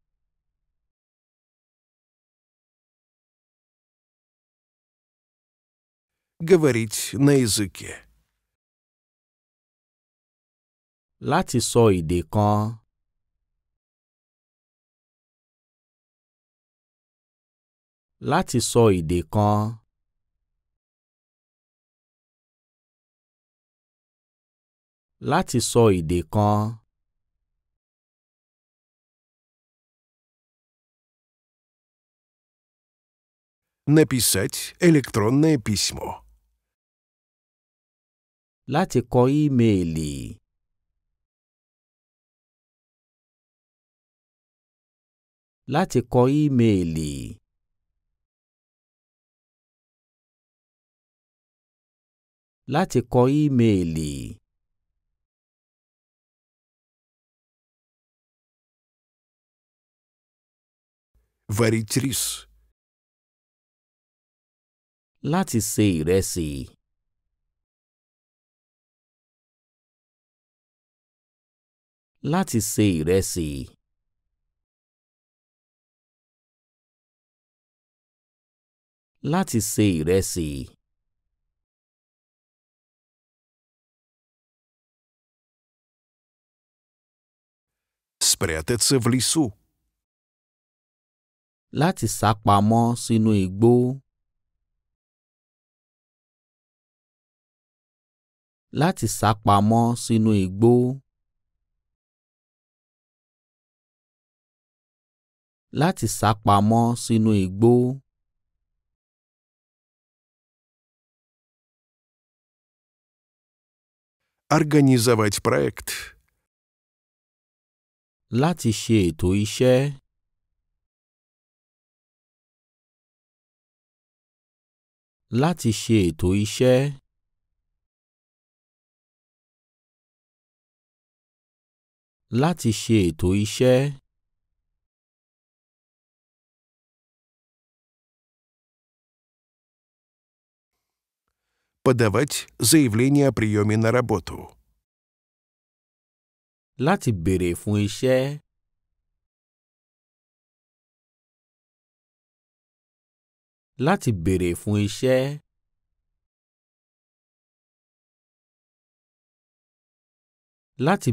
говорить на языке. Láti sọ èdè kan. Láti sọ èdè kan. Láti написать электронное письмо. láti kọ ímeèlì láti kọ ímeèlì. láti kọ ímeèlì. Варить рис. Láti se ìrẹsì. láti se ìrẹsì. láti se ìrẹsì. спрятаться в лесу. Láti sá pamọ́ sínú igbó. Láti sá pamọ́ sínú igbó. láti sá pamọ́ sínú igbó. Организовать проект. Láti ṣe ètò iṣẹ́. Láti ṣe ètò iṣẹ́. Láti ṣe ètò iṣẹ́. подавать заявление о приеме на работу. Láti béèrè fún iṣẹ́. Láti béèrè fún iṣẹ́. Láti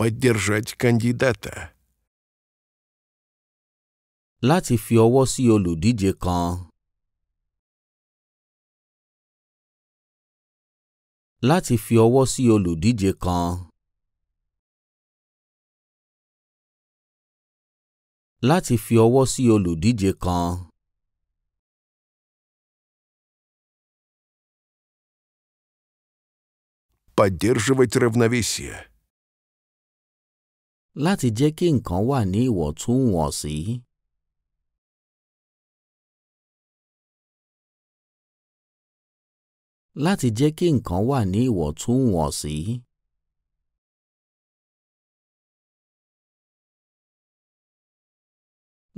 Поддержать кандидата. láti fi ọwọ́ sí olùdíje kan. láti fi ọwọ́ sí olùdíje kan. láti fi ọwọ́ sí olùdíje kan. Поддерживать равновесие. Láti jẹ́ kí nǹkan wà ní ìwọ̀ntúnwọ̀nsí. láti jẹ́ kí nǹkan wà ní ìwọ̀ntúnwọ̀nsí.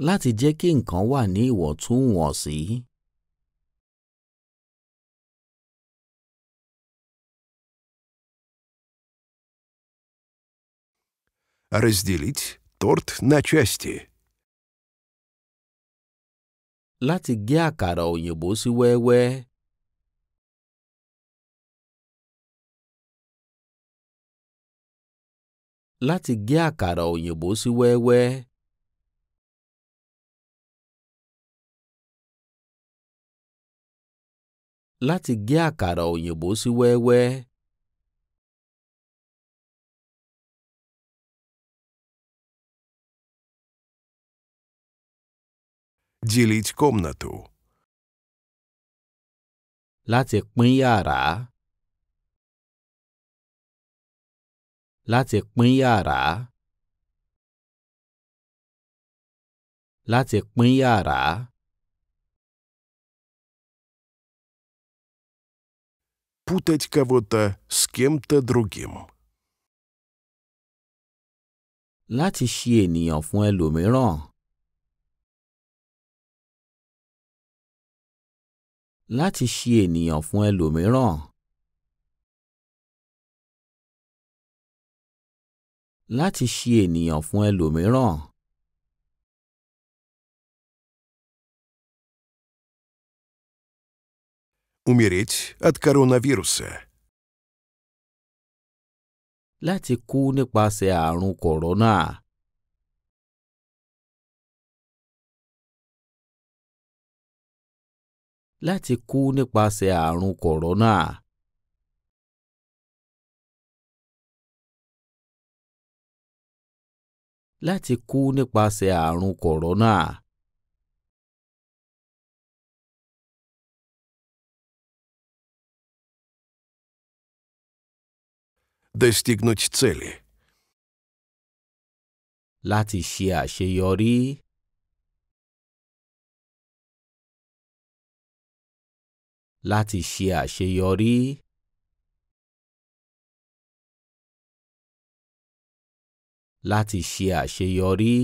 láti jẹ́ kí nǹkan wà ní ìwọ̀ntúnwọ̀nsí. Разделить торт на части. Láti gé àkàrà òyìnbó sí wẹ́wẹ́. láti gé àkàrà òyìnbó sí wẹ́wẹ́. láti gé àkàrà òyìnbó sí wẹ́wẹ́. Делить комнату. Láti pín yàrá. láti pín yàrá láti pín yàrá. Путать кого-то с кем-то другим. Láti ṣe ènìyàn fún ẹlòmíràn. Láti ṣe ènìyàn fún ẹlòmíràn. láti ṣe ènìyàn fún ẹlòmíràn. Умереть от коронавируса. Láti kú nípasẹ̀ àrùn kòrónà. Láti kú nípasẹ̀ àrùn kòrónà. láti kú nípasẹ̀ àrùn kòrónà. Достигнуть цели. Láti ṣe àṣeyọrí. Láti ṣe àṣeyọrí. láti ṣe àṣeyọrí.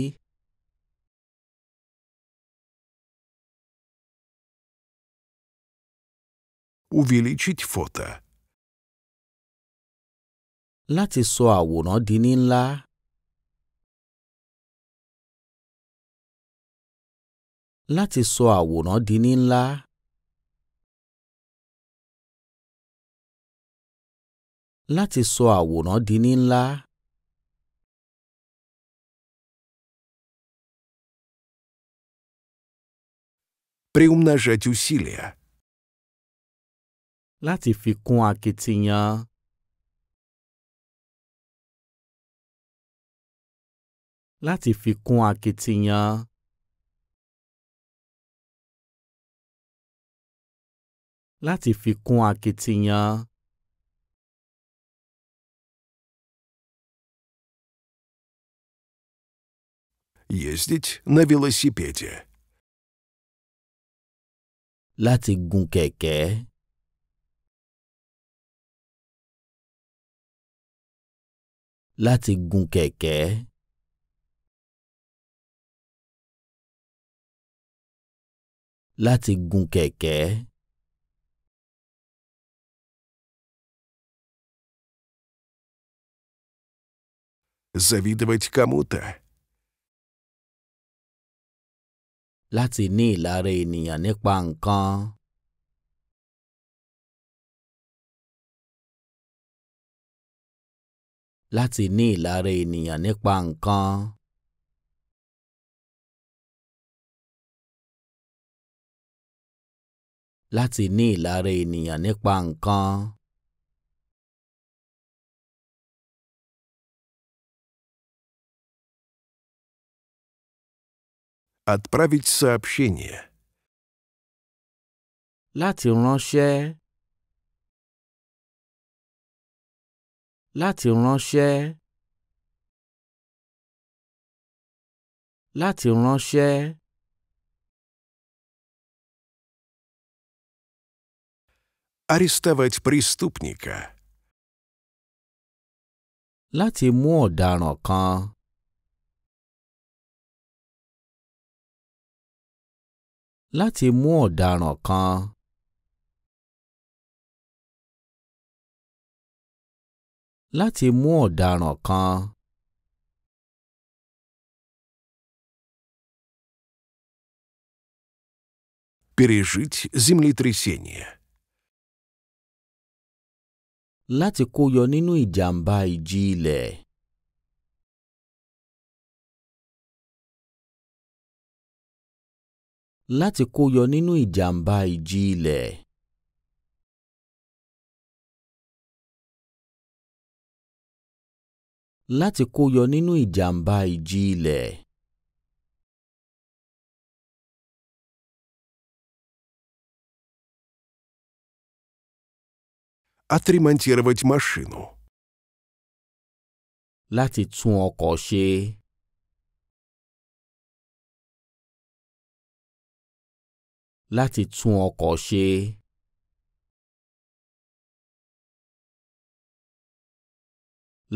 Увеличить фото. Láti sọ àwòrán di ní ńlá. Láti sọ àwòrán di ní ńlá. Láti sọ àwòrán приумножать усилия. Láti fi kún akitiyan. Láti fi kún akitiyan. Láti fi kún akitiyan. Ездить на велосипеде. láti gun kẹ̀kẹ́. láti gun kẹ̀kẹ́. láti gun kẹ̀kẹ́. завидовать кому-то. láti ní ìlara ènìyàn nípa nǹkan. láti ní ìlara ènìyàn nípa nǹkan. láti ní ìlara ènìyàn nípa nǹkan. Отправить сообщение. Láti ránṣẹ́. Láti ránṣẹ́. Láti ránṣẹ́. Арестовать преступника. Láti mú ọ̀daràn kan. láti mú ọ̀daràn kan. láti mú ọ̀daràn kan. Пережить землетрясение. Láti kó yọ nínú ìjàmbá ìjì ilẹ̀. láti kó yọ nínú ìjàmbá ìjì ilẹ̀. láti kó yọ nínú ìjàmbá ìjì ilẹ̀. Отремонтировать машину. Láti tún ọkọ̀ ṣe. láti tún ọkọ̀ ṣe.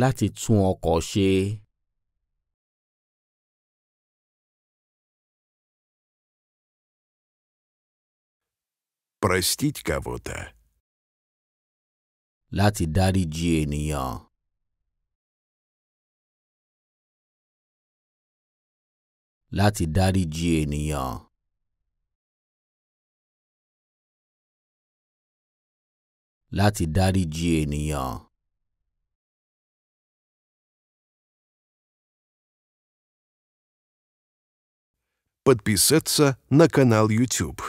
láti tún ọkọ̀ ṣe. Простить кого-то. Láti dáríjì ènìyàn. Láti dáríjì ènìyàn. láti dáríji ènìyàn. Подписаться на канал YouTube.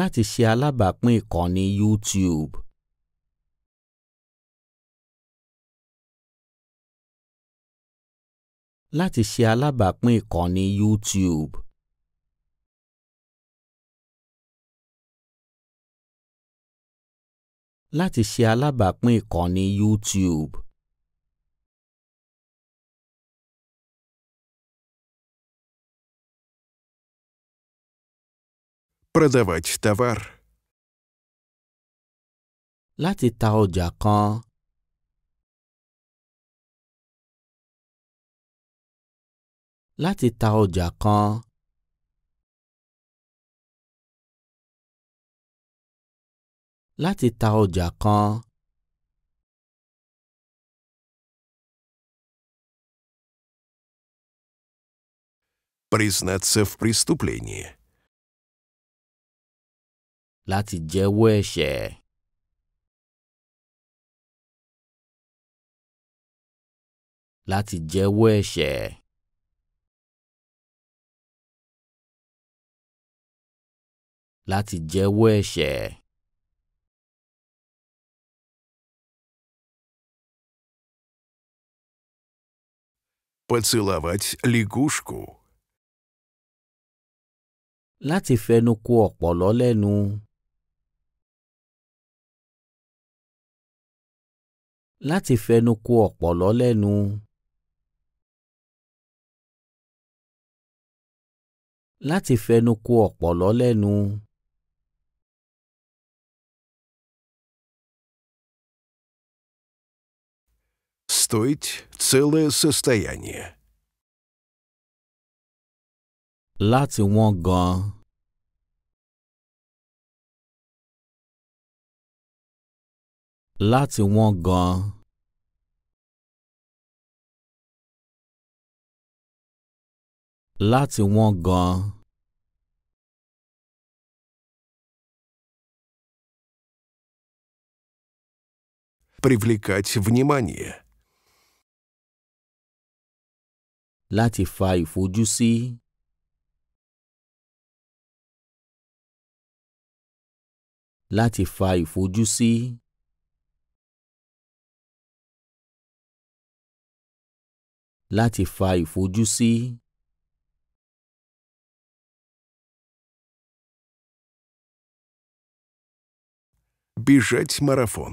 Láti ṣe alábàápín ìkànnì YouTube. Láti ṣe alábàápín ìkànnì YouTube. láti ṣe alábàápín ìkànnì YouTube. Продавать товар. Láti ta ọjà kan. Láti ta láti ta ọjà kan. Признаться в преступлении. Láti jẹ́wọ́ ẹ̀ṣẹ̀. Láti jẹ́wọ́ ẹ̀ṣẹ̀. Láti jẹ́wọ́ ẹ̀ṣẹ̀. Поцеловать лягушку. Láti fẹnu kò ọ̀pọ̀lọ́ lẹ́nu. Láti fẹnu kò ọ̀pọ̀lọ́ lẹ́nu. Láti fẹnu kò ọ̀pọ̀lọ́ lẹ́nu. стоить целое состояние. Láti wọ́n gan-an. Láti wọ́n привлекать внимание. láti fa ìfojúsí. láti fa ìfojúsí. láti fa ìfojúsí. Бежать марафон.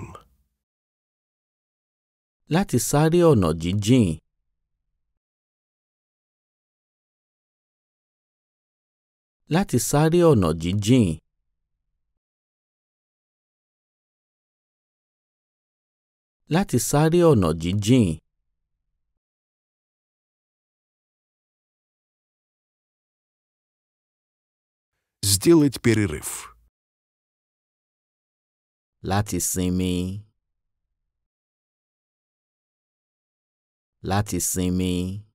Láti sáré ọ̀nà jíjìn. láti sáré ọ̀nà jíjìn. láti sáré ọ̀nà jíjìn. Сделать перерыв. Láti sinmi. Láti sinmi.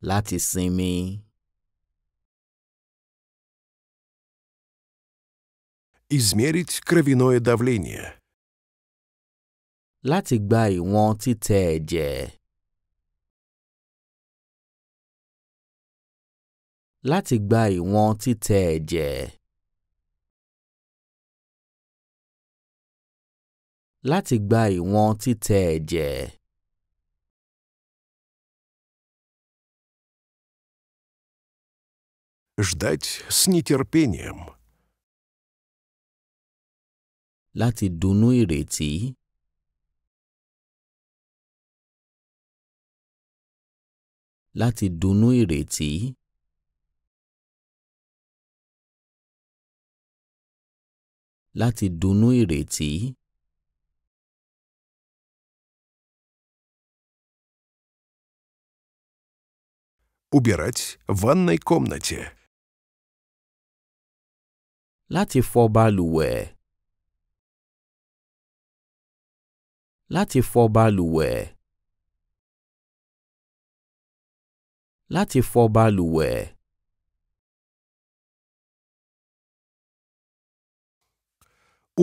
láti sinmi. Измерить кровяное давление. Láti gba ìwọ̀n títẹ̀ ẹ̀jẹ̀. Láti gba ìwọ̀n títẹ̀ ẹ̀jẹ̀. Láti gba ìwọ̀n títẹ̀ ẹ̀jẹ̀. ждать с нетерпением. Láti dunnú ìrètí. Láti dunnú ìrètí. Láti dunnú ìrètí. Убирать в ванной комнате. láti fọ balùwẹ̀ láti fọ balùwẹ̀ láti fọ balùwẹ̀.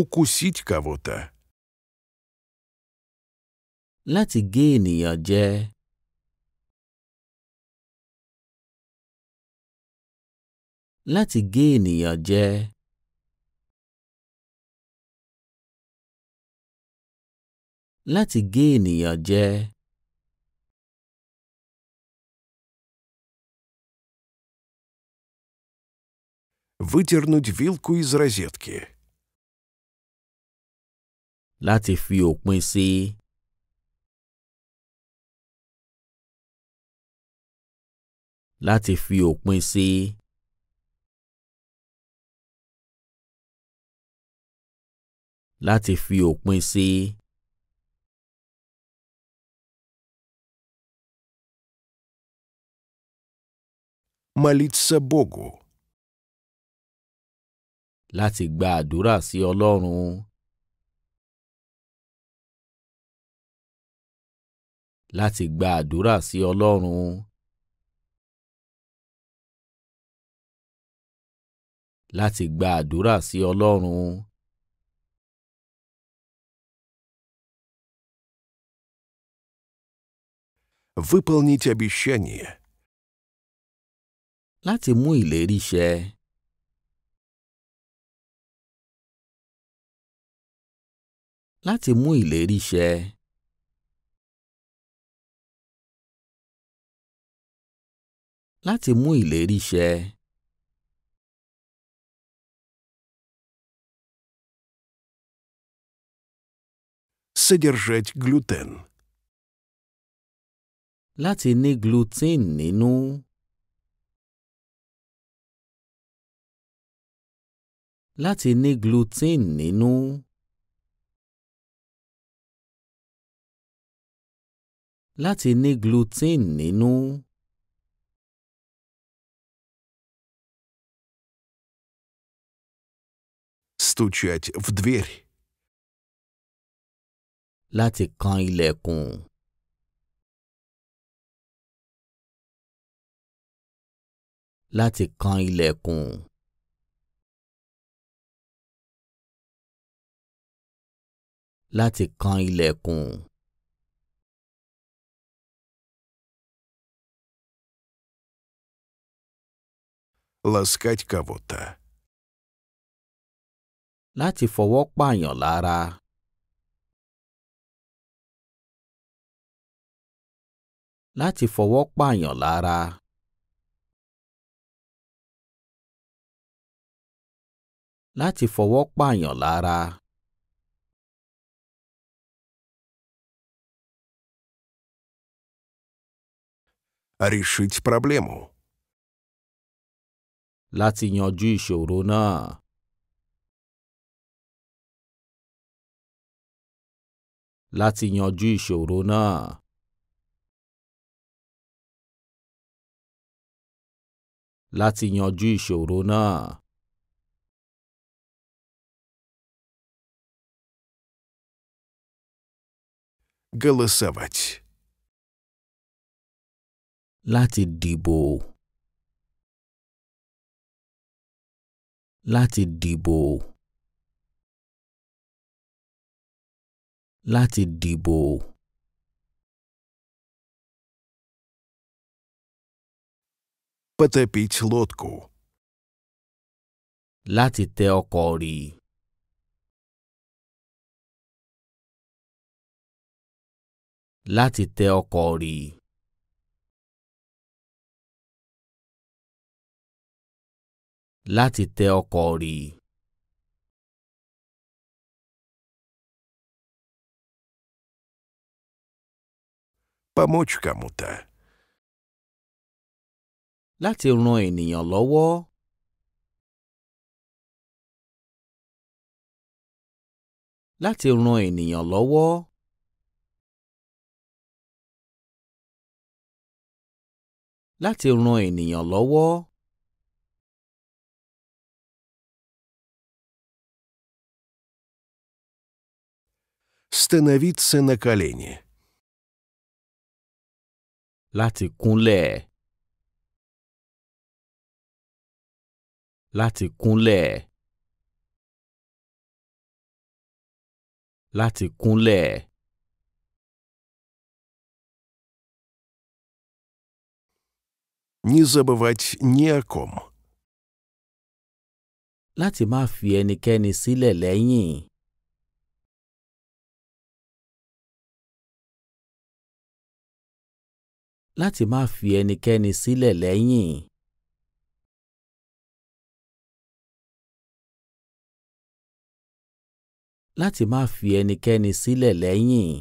Укусить кого-то. Láti gé ènìyàn jẹ. Láti gé ènìyàn jẹ. láti gé ènìyàn jẹ. Выдернуть вилку из розетки. Láti fi òpin sí. Láti fi òpin sí. Láti fi òpin sí. молиться Богу. Láti gba àdúrà sí Ọlọ́run. Láti gba àdúrà sí Ọlọ́run. Láti gba àdúrà sí Ọlọ́run. Выполнить обещание láti mú ìlérí ṣẹ. láti mú ìlérí ṣẹ. láti mú ìlérí ṣẹ. Содержать глютен. Láti ní gluten nínú. láti ní gluten nínú. láti ní gluten nínú. стучать в дверь. Láti kan ilẹ̀kùn. Láti kan ilẹ̀kùn. láti kan ilẹ̀kùn. Ласкать кого-то. Láti fọwọ́ pààyàn lára. Láti fọwọ́ pààyàn lára. Láti fọwọ́ pààyàn lára. решить проблему. Láti yanjú ìṣòro náà. Láti yanjú ìṣòro náà. Láti yanjú ìṣòro náà. Голосовать. láti dìbò láti dìbò láti dìbò. Потопить лодку. Láti tẹ ọkọ̀ rì. Láti tẹ ọkọ̀ rì. láti tẹ ọkọ̀ rì. Помочь кому-то. Láti ran ènìyàn lọ́wọ́. Láti ran ènìyàn lọ́wọ́. Láti ran ènìyàn lọ́wọ́. становиться на колени. Láti kúnlẹ̀. Láti kúnlẹ̀. Láti kúnlẹ̀. Не забывать ни о ком. Láti má fi ẹnikẹ́ni sílẹ̀ lẹ́yìn. láti má fi ẹnikẹ́ni sílẹ̀ lẹ́yìn. láti má fi ẹnikẹ́ni sílẹ̀ lẹ́yìn.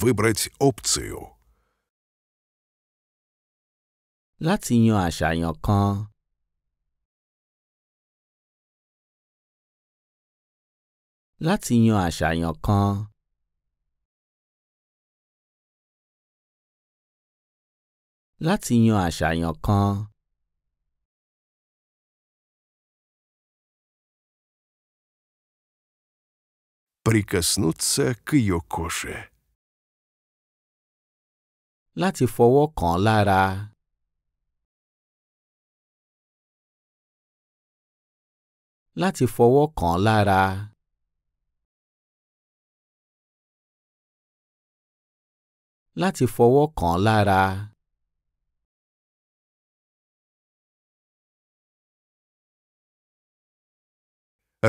Выбрать опцию. Láti yan àṣàyàn láti yan àṣàyàn kan. láti yan àṣàyàn kan. Прикоснуться к ее коше. Láti fọwọ́ kàn lára. Láti fọwọ́ kàn lára. láti fọwọ́ kàn lára.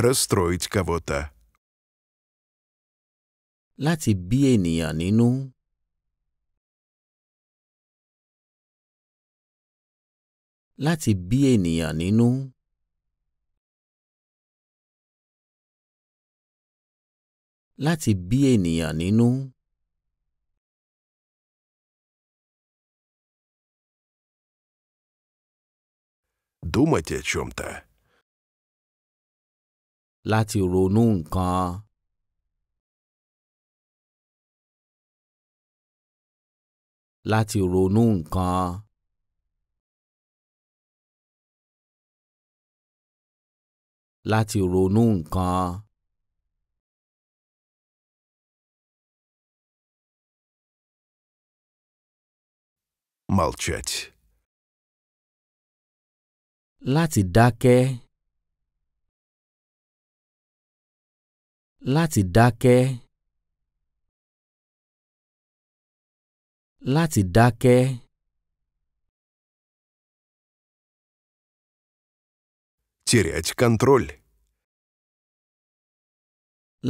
Расстроить кого-то. Láti bí ènìyàn nínú. Láti bí ènìyàn nínú. Láti bí ènìyàn nínú. думать о чем-то. Лати ронунка. Лати Молчать. láti dákẹ́ láti dákẹ́ láti dákẹ́ терять контроль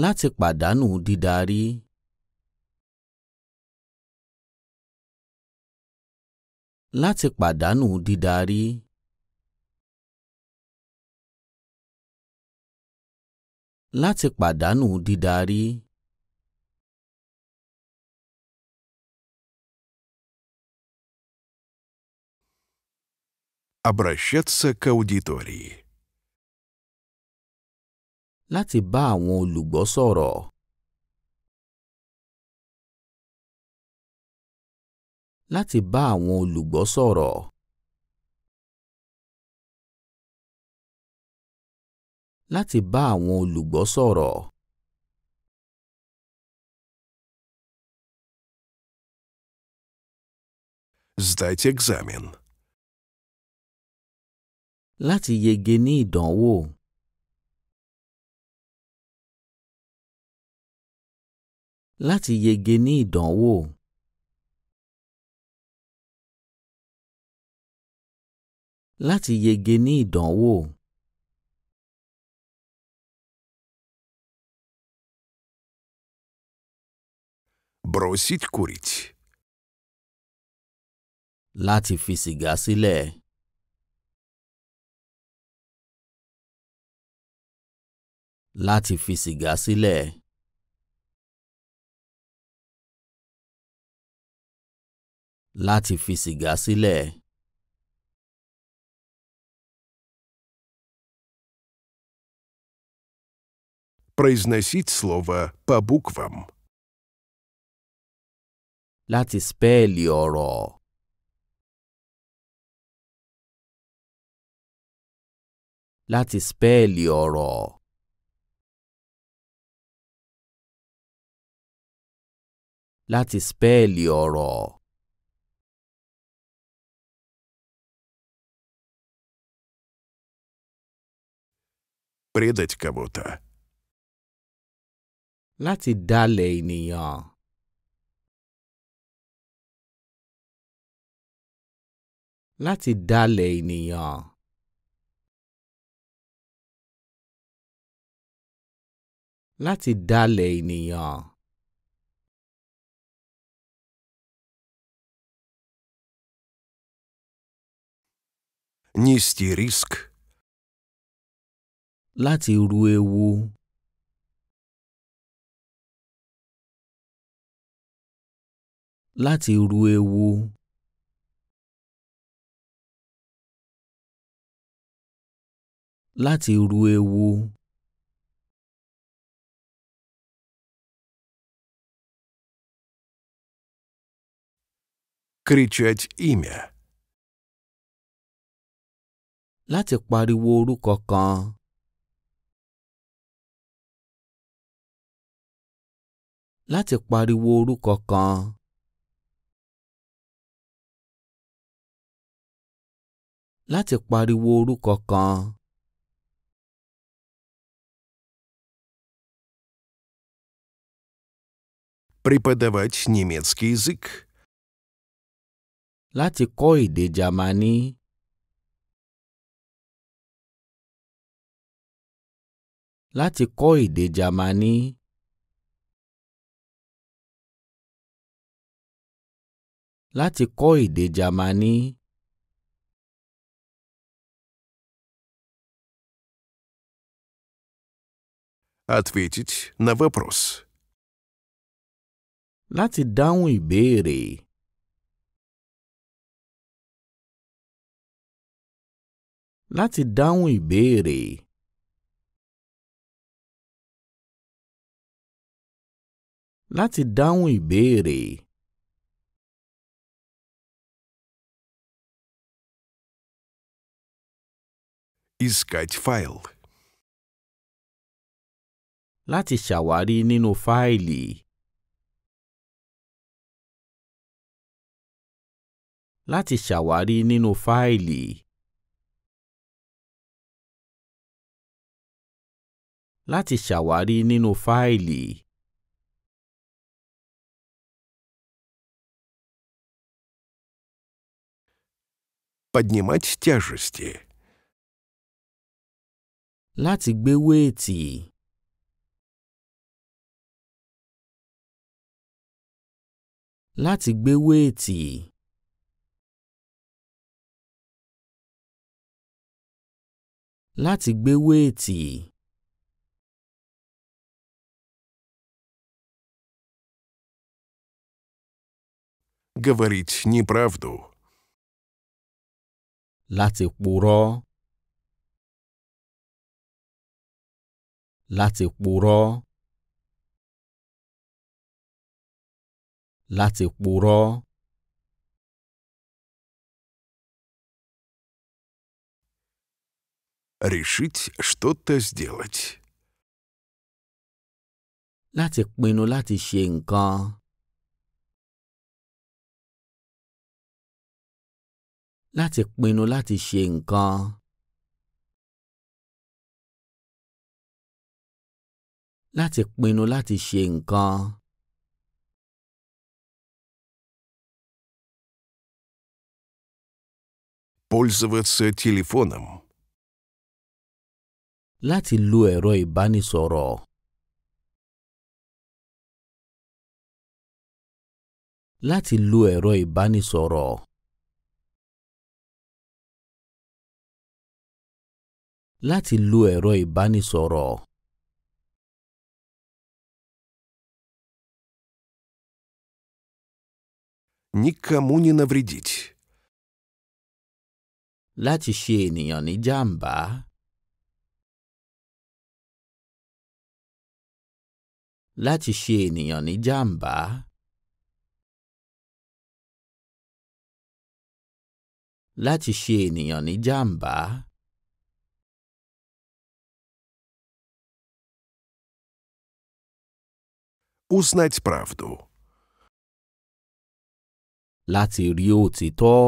láti pàdánù dídarí láti pàdánù dídarí láti pàdánù dídarí. Обращаться к аудитории. Láti bá àwọn olùgbọ́ sọ̀rọ̀. Láti bá àwọn olùgbọ́ sọ̀rọ̀. láti bá àwọn olùgbọ́ sọ̀rọ̀. Сдать экзамен. Láti yege ní ìdánwò. Láti yege ní ìdánwò. Láti yege ní ìdánwò. Бросить курить. Láti fi sìgá sílẹ̀. Láti fi sìgá sílẹ̀. Láti fi sìgá sílẹ̀. Произносить слово по буквам. láti spẹ́ẹ̀lì ọ̀rọ̀. láti spẹ́ẹ̀lì ọ̀rọ̀. láti spẹ́ẹ̀lì ọ̀rọ̀. Предать кого-то. Láti dalẹ̀ ènìyàn. láti dalẹ̀ ènìyàn. láti dalẹ̀ ènìyàn. Нести риск. Láti ru ewu. Láti ru ewu. láti ru ewu. Кричать имя. Láti pariwo orúkọ kan. Láti pariwo orúkọ kan. Láti pariwo orúkọ kan. преподавать немецкий язык. Лати кой де Джамани. Лати кой де Джамани. láti kọ́ èdè Jámánì. Ответить на вопрос. láti dáhùn ìbéèrè. láti dáhùn ìbéèrè. láti dáhùn ìbéèrè. Искать файл. Láti ṣàwárí nínú fáìlì. láti ṣàwárí nínú fáìlì. láti ṣàwárí nínú fáìlì. Поднимать тяжести. Láti gbé wéètì. Láti gbé wéètì. láti gbé wéètì говорить неправду. Láti purọ́. Láti purọ́. Láti purọ́. Решить что-то сделать. Láti pinnu láti ṣe nǹkan. Láti pinnu láti ṣe nǹkan. Láti pinnu láti ṣe nǹkan. Пользоваться телефоном. láti lo ẹ̀rọ ìbánisọ̀rọ̀. láti lo ẹ̀rọ ìbánisọ̀rọ̀. láti lo ẹ̀rọ ìbánisọ̀rọ̀. Никому не навредить. Láti ṣe ènìyàn ní jàǹbá. láti ṣe ènìyàn ní jàǹbá. láti ṣe ènìyàn ní jàǹbá. Узнать правду. Láti rí òtítọ́.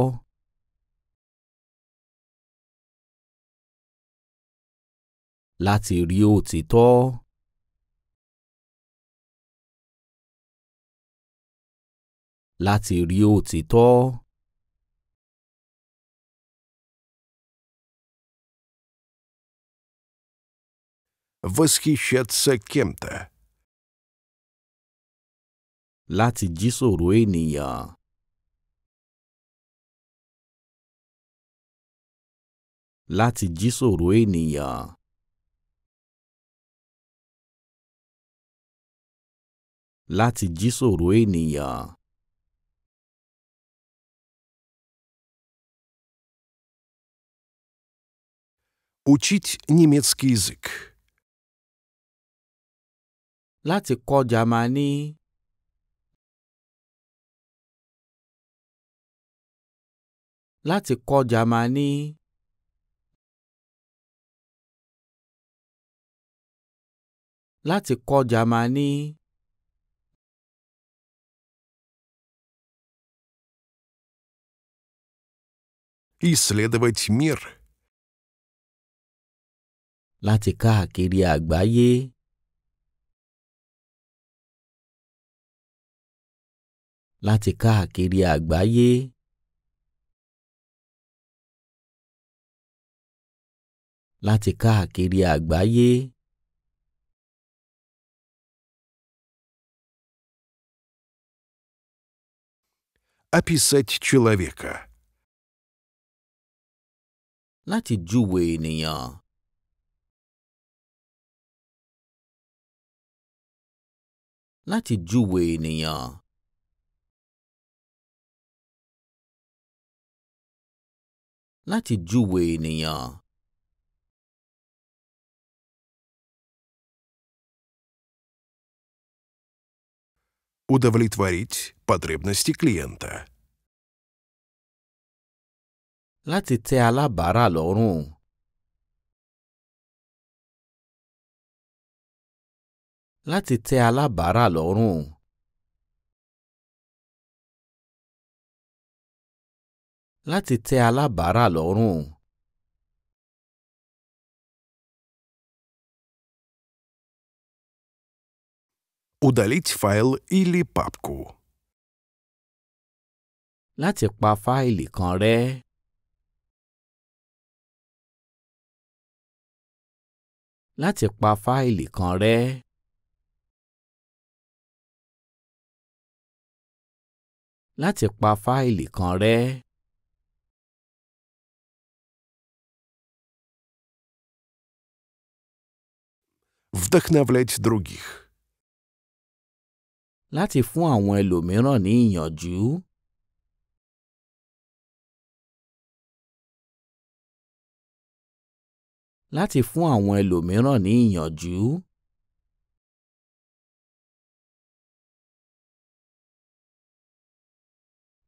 Láti rí òtítọ́. láti rí òtítọ́. Восхищаться кем-то. Láti jí sòrò ènìyàn. Láti jí sòrò ènìyàn. Láti jí sòrò ènìyàn. Учить немецкий язык. Láti kọ́ Jàmánì. Láti kọ́ Jàmánì. Láti kọ́ Jàmánì. Исследовать мир. láti káàkiri àgbáyé. láti káàkiri àgbáyé. láti káàkiri àgbáyé. Описать человека. láti júwe ènìyàn. láti júwe ènìyàn. Удовлетворить потребности клиента. Láti tẹ́ alábàárà lọ́rùn. láti tẹ́ alábàárà lọ́rùn. láti tẹ́ alábàárà lọ́rùn. Удалить файл или папку. Láti pa fáìlì kan rẹ́. Láti pa fáìlì kan rẹ́. láti pa fáìlì kan rẹ́. Вдохновлять других. Láti fún àwọn ẹlòmíràn ní ìyànjú. Láti fún àwọn ẹlòmíràn ní ìyànjú.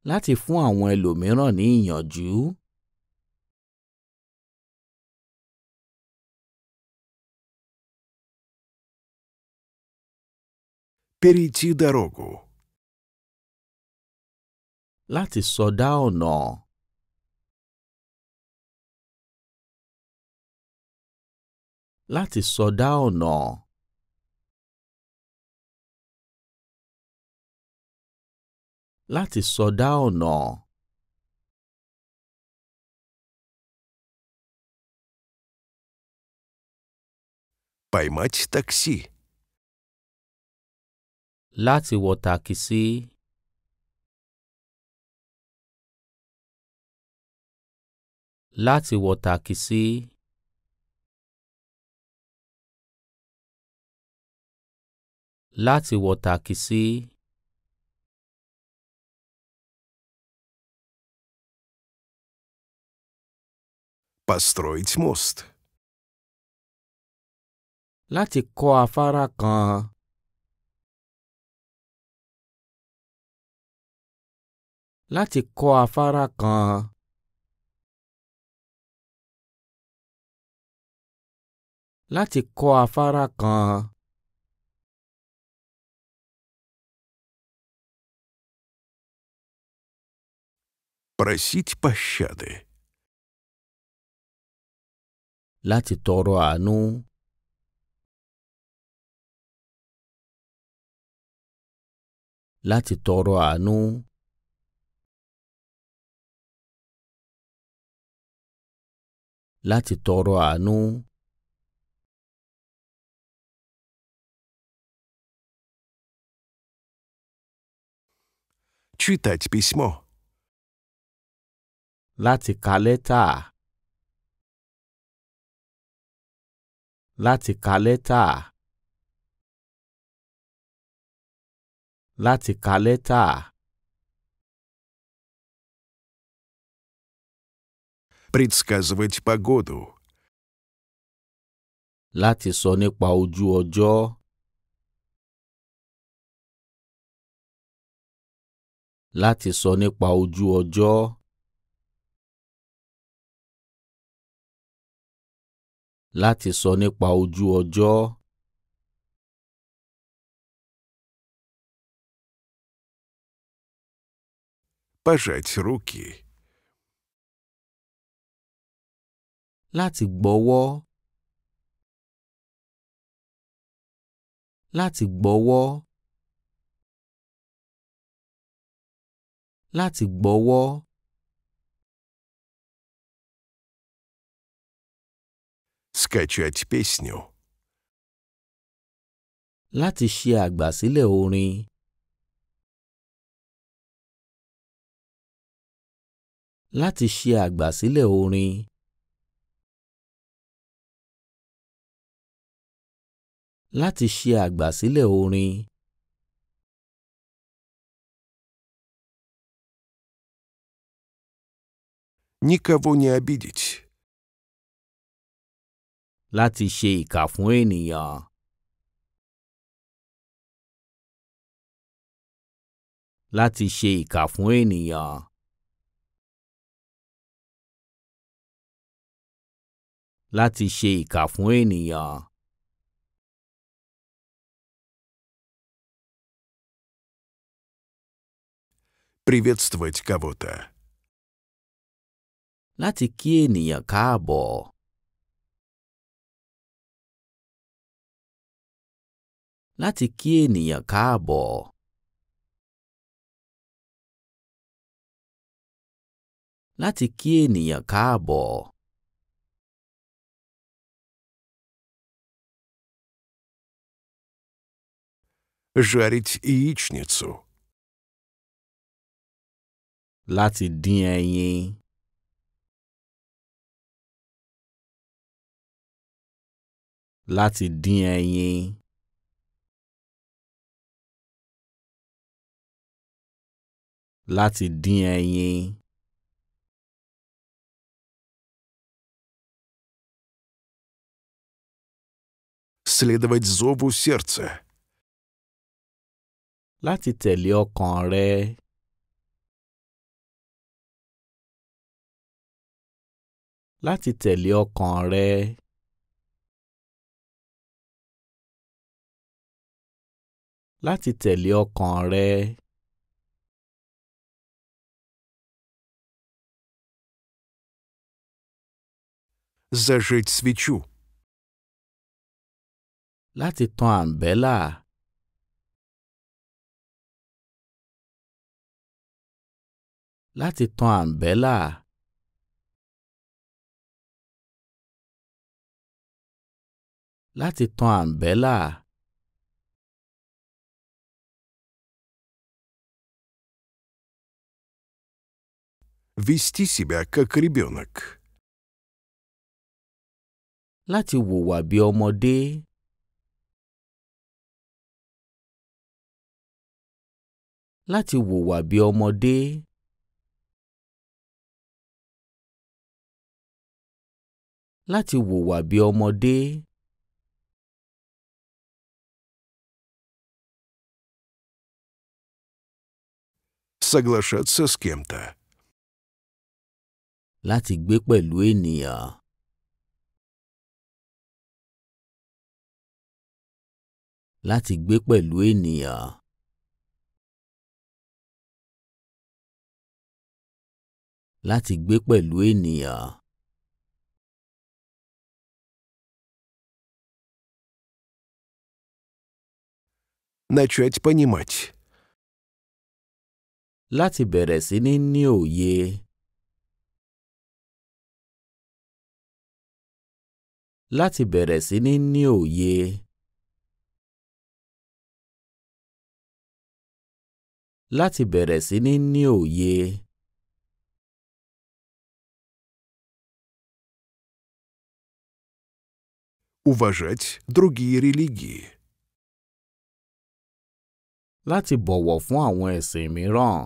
láti fún àwọn ẹlòmíràn ní ìyànjú. Перейти дорогу. Láti sọdá ọ̀nà. Láti sọdá ọ̀nà. láti sọdá ọ̀nà. Поймать такси. Láti wọ tàkìsí. Láti wọ tàkìsí. Láti wọ tàkìsí. построить мост. Láti kọ́ afárá kan. Láti kọ́ afárá kan. Láti kọ́ afárá kan. Просить пощады. láti tọrọ àánú. láti tọrọ àánú. láti tọrọ àánú. Читать письмо. Láti ka láti ka lẹ́tà. láti ka lẹ́tà. предсказывать погоду. Láti sọ nípa ojú ọjọ́. Láti sọ nípa ojú ọjọ́. láti sọ nípa ojú ọjọ́. Пожать руки. Láti gbọ́wọ́. Láti gbọ́wọ́. Láti gbọ́wọ́. скачать песню. Láti ṣe àgbàsílẹ̀ orin. Láti ṣe àgbàsílẹ̀ orin. Láti ṣe àgbàsílẹ̀ orin. Никого не обидеть láti ṣe ìkà fún ènìyàn. láti ṣe ìkà fún ènìyàn. láti ṣe ìkà fún ènìyàn. Приветствовать кого-то. Láti kí ènìyàn káàbọ̀. láti kí ènìyàn káàbọ̀. láti kí ènìyàn káàbọ̀. Жарить яичницу. Láti dín ẹyin. Láti láti dín ẹyin. Следовать зову сердца. Láti tẹ̀lé ọkàn rẹ. Láti tẹ̀lé ọkàn rẹ. Láti tẹ̀lé ọkàn rẹ. зажечь свечу. Láti tan àǹbẹ́là. Láti tan àǹbẹ́là. Láti tan àǹbẹ́là. Вести себя как ребенок. láti hùwà bí ọmọdé. láti hùwà bí ọmọdé. láti hùwà bí ọmọdé. Соглашаться с кем-то. Láti gbé pẹ̀lú ènìyàn. láti gbé pẹ̀lú ènìyàn. láti gbé pẹ̀lú ènìyàn. Начать понимать. Láti bẹ̀rẹ̀ sí ní ní òye. Láti bẹ̀rẹ̀ sí ní ní òye. láti bẹ̀rẹ̀ sí ní ní òye. Уважать другие религии. Láti bọ̀wọ̀ fún àwọn ẹ̀sìn mìíràn.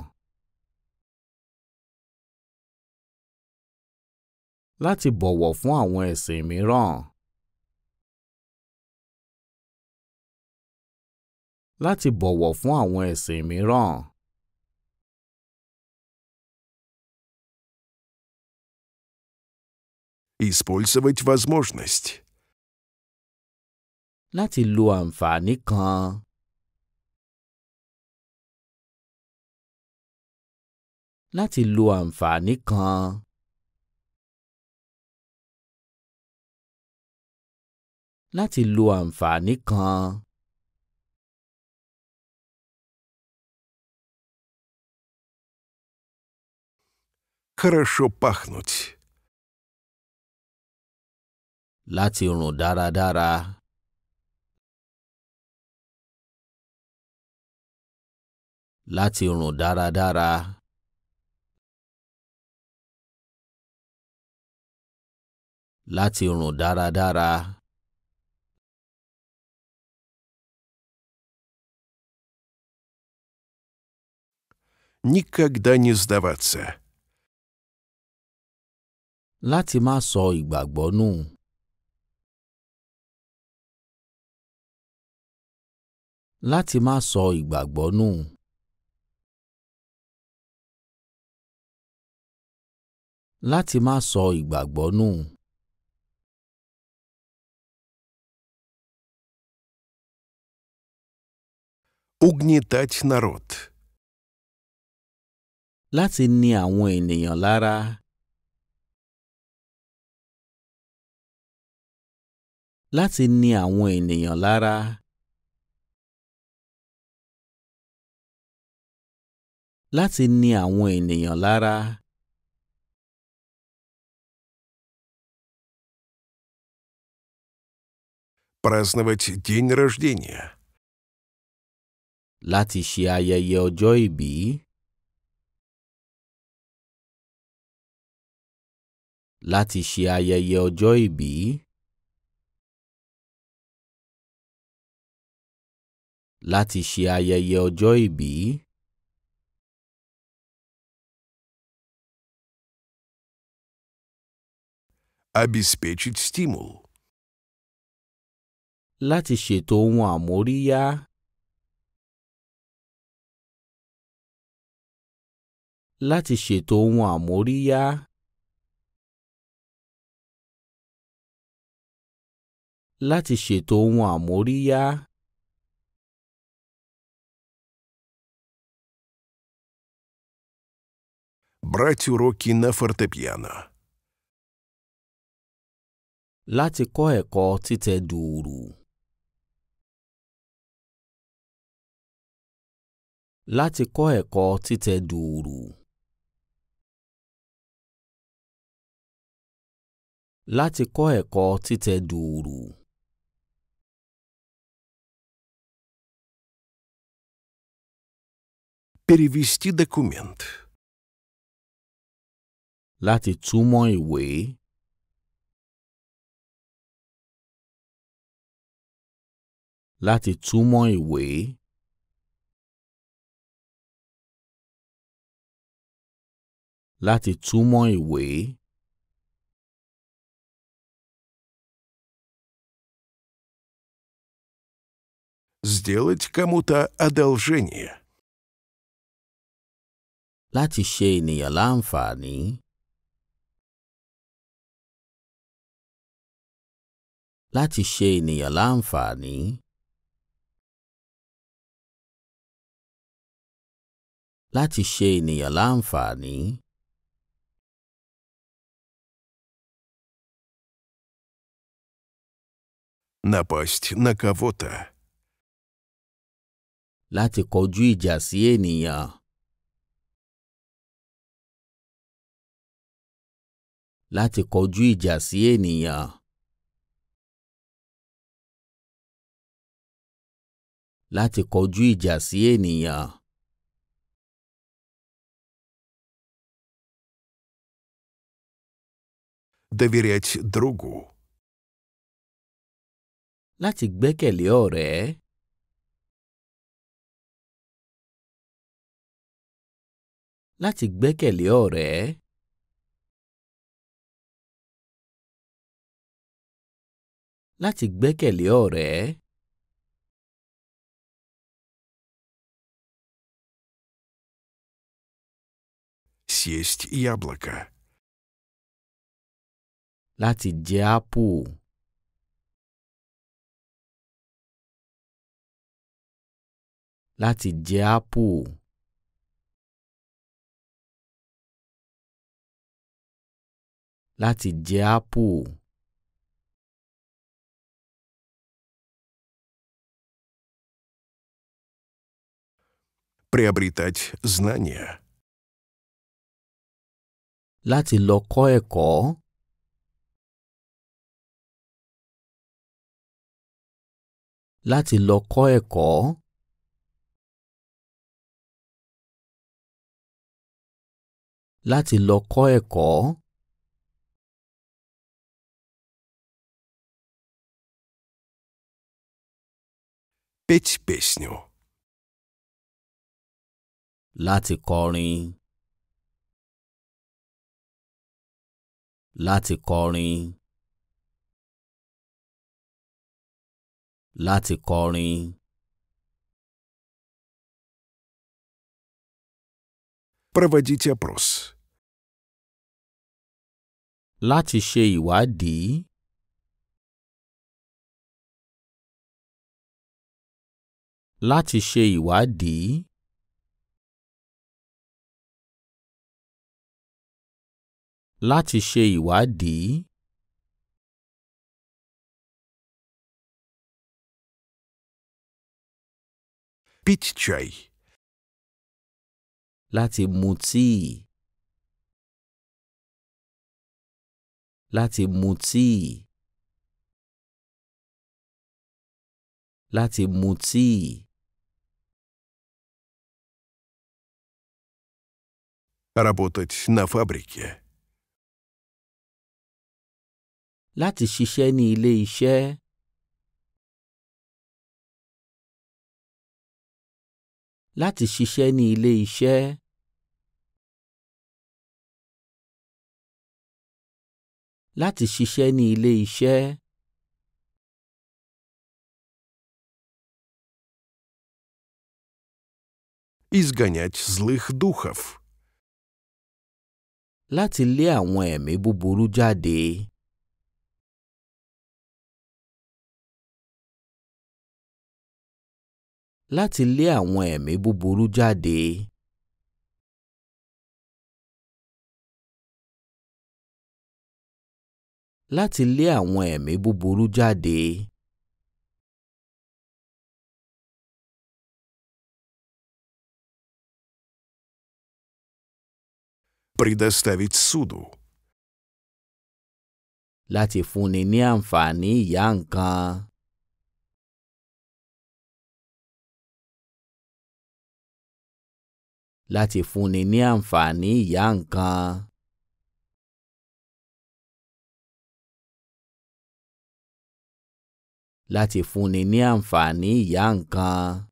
Láti bọ̀wọ̀ fún àwọn ẹ̀sìn mìíràn. Láti bọ̀wọ̀ fún àwọn ẹ̀sìn mìíràn. Использовать возможность. Láti lo àǹfààní kan. Láti lo àǹfààní kan. Láti lo àǹfààní kan. Хорошо пахнуть. láti rùn dáradára. láti rùn dáradára. láti rùn dáradára. Никогда не сдаваться. Láti má sọ ìgbàgbọ́ nù. láti má sọ ìgbàgbọ́ nù. láti má sọ ìgbàgbọ́ nù. Угнетать народ. Láti ni àwọn ènìyàn lára. Láti ni àwọn ènìyàn lára. láti ni àwọn ènìyàn lára. Праздновать день рождения. Láti ṣe ayẹyẹ ọjọ́ ìbí. Láti ṣe ayẹyẹ ọjọ́ ìbí. Láti ṣe ayẹyẹ ọjọ́ ìbí. Обеспечить стимул. Láti ṣètò ohun àmóríyá. Láti ṣètò ohun àmóríyá. Láti ṣètò ohun àmóríyá. Брать уроки на фортепиано láti kọ́ ẹ̀kọ́ títẹ̀ dùùrù. láti kọ́ ẹ̀kọ́ títẹ̀ dùùrù. láti kọ́ ẹ̀kọ́ títẹ̀ dùùrù. Перевести документ. Láti túmọ̀ вей. láti túmọ̀ ìwé. láti túmọ̀ ìwé. Сделать кому-то одолжение. Láti ṣe ènìyàn láǹfààní. Láti ṣe ènìyàn láǹfààní. láti ṣe ènìyàn láǹfààní. Напасть на кого-то. Láti kọjú ìjà sí ènìyàn. Láti kọjú ìjà sí ènìyàn. Láti kọjú доверять другу. Láti gbẹ́kẹ̀lé ọ̀rẹ́. Láti gbẹ́kẹ̀lé ọ̀rẹ́. Láti gbẹ́kẹ̀lé ọ̀rẹ́. Съесть яблоко. láti jẹ ápù. láti jẹ ápù. láti jẹ ápù. Приобретать знания. Láti lọ kọ́ ẹ̀kọ́. láti lọ kọ́ ẹ̀kọ́. láti lọ kọ́ ẹ̀kọ́. Петь песню. Láti kọrin. Láti kọrin. láti kọrin. Проводить опрос. Láti ṣe ìwádìí. Láti ṣe ìwádìí. Láti ṣe ìwádìí. Пить чай. Láti mu tíì. Láti mu tíì. Láti mu tíì. Работать на фабрике. Láti ṣiṣẹ́ ní ilé iṣẹ́. láti ṣiṣẹ́ ní ilé iṣẹ́. láti ṣiṣẹ́ ní ilé iṣẹ́. Изгонять злых духов. Láti lé àwọn ẹ̀mí búburú jáde. láti lé àwọn ẹ̀mí búburú jáde. láti lé àwọn ẹ̀mí búburú jáde. Предоставить суду. Láti fúnni ní àǹfààní ìyá láti fúnni ní àǹfààní ìyá nǹkan. láti fúnni ní àǹfààní ìyá nǹkan.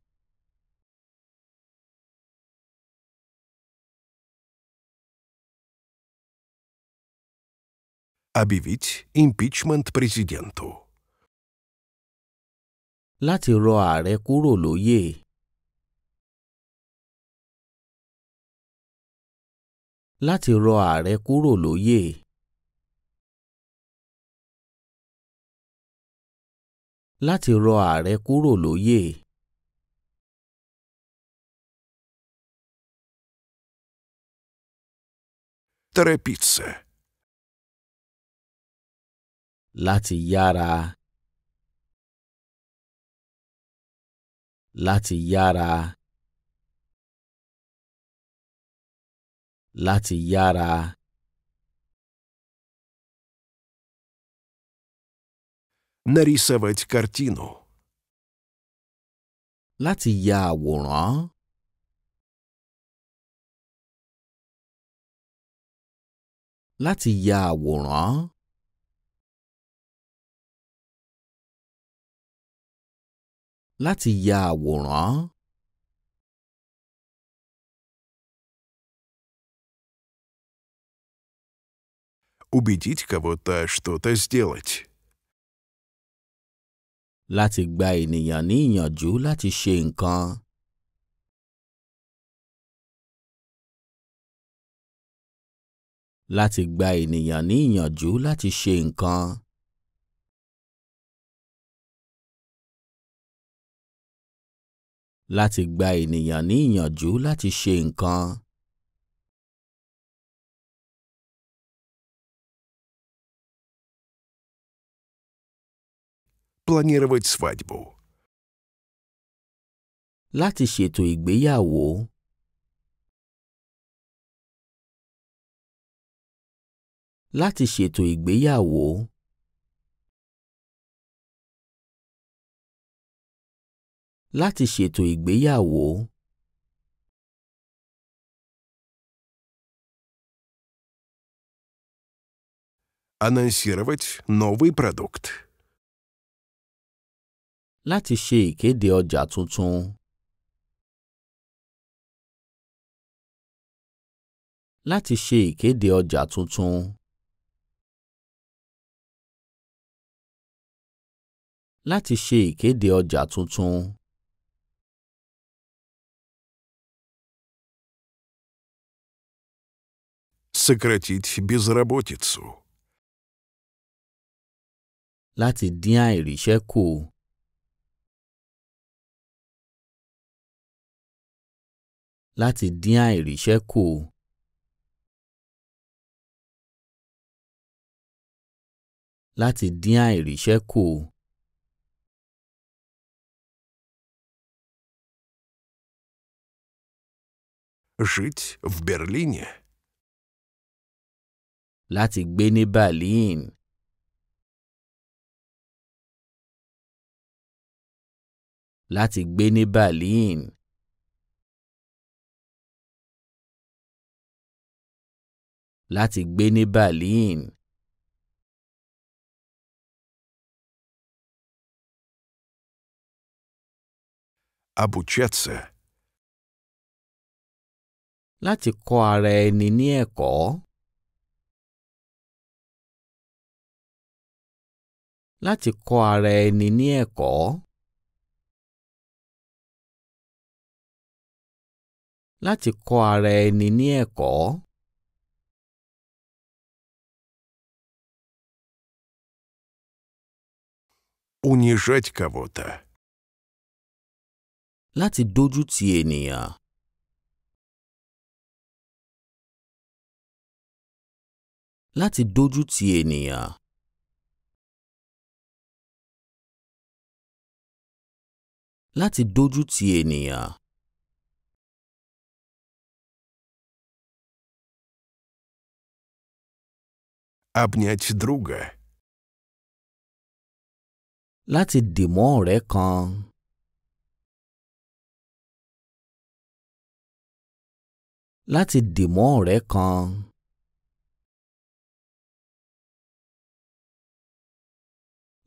Объявить импичмент президенту. Láti rọ ààrẹ kúrò lóyè. láti rọ ààrẹ kúrò lóyè. láti rọ ààrẹ kúrò lóyè. торопиться. Láti yára. Láti yára. láti yára нарисовать картину. Láti ya àwòrán. Láti ya àwòrán. Láti ya àwòrán. убедить кого-то что-то сделать. Láti gba ènìyàn ní ìyànjú láti ṣe nǹkan. Láti gba ènìyàn ní ìyànjú láti ṣe nǹkan. Láti gba ènìyàn ní ìyànjú láti ṣe nǹkan. планировать свадьбу. Láti ṣètò ìgbéyàwó. Láti ṣètò ìgbéyàwó. Láti ṣètò ìgbéyàwó. Анонсировать новый продукт. láti ṣe ìkéde ọjà tuntun. láti ṣe ìkéde ọjà tuntun. láti ṣe ìkéde ọjà tuntun. Сократить безработицу. Láti dín àìríṣẹ́ kù. láti dín àìríṣẹ́ kù. láti dín àìríṣẹ́ kù. Жить в Берлине. Láti gbé ní Berlin. Láti gbé ní Berlin. láti gbé ní Berlin. Обучаться. Láti kọ́ ara ẹni ní ẹ̀kọ́. Láti kọ́ ara ẹni ní ẹ̀kọ́. Láti унижать кого-то. Láti dojú ti ènìyàn. Láti dojú ti ènìyàn. Láti dojú ti ènìyàn. Обнять друга. láti dìmọ́ ọ̀rẹ́ kan. láti dìmọ́ ọ̀rẹ́ kan.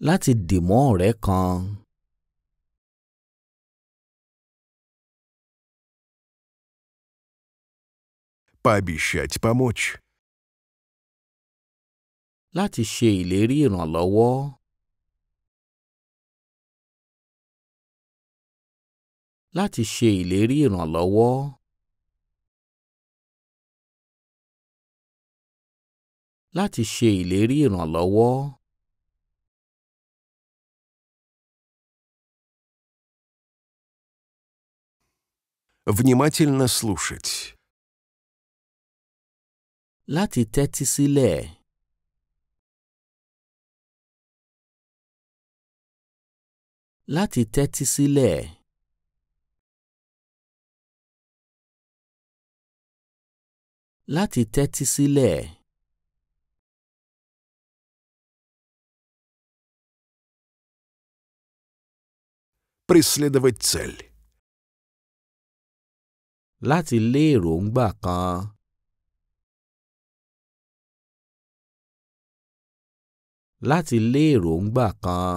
láti dìmọ́ ọ̀rẹ́ kan. Пообещать помочь. Láti ṣe ìlérí ìrànlọ́wọ́. láti ṣe ìlérí ìrànlọ́wọ́. láti ṣe ìlérí ìrànlọ́wọ́. Внимательно слушать. Láti tẹ́tí sílẹ̀. Láti tẹ́tí sílẹ̀. láti tẹ́tí sílẹ̀. Преследовать цель. Láti lé èròǹgbà kan. Láti lé èròǹgbà kan.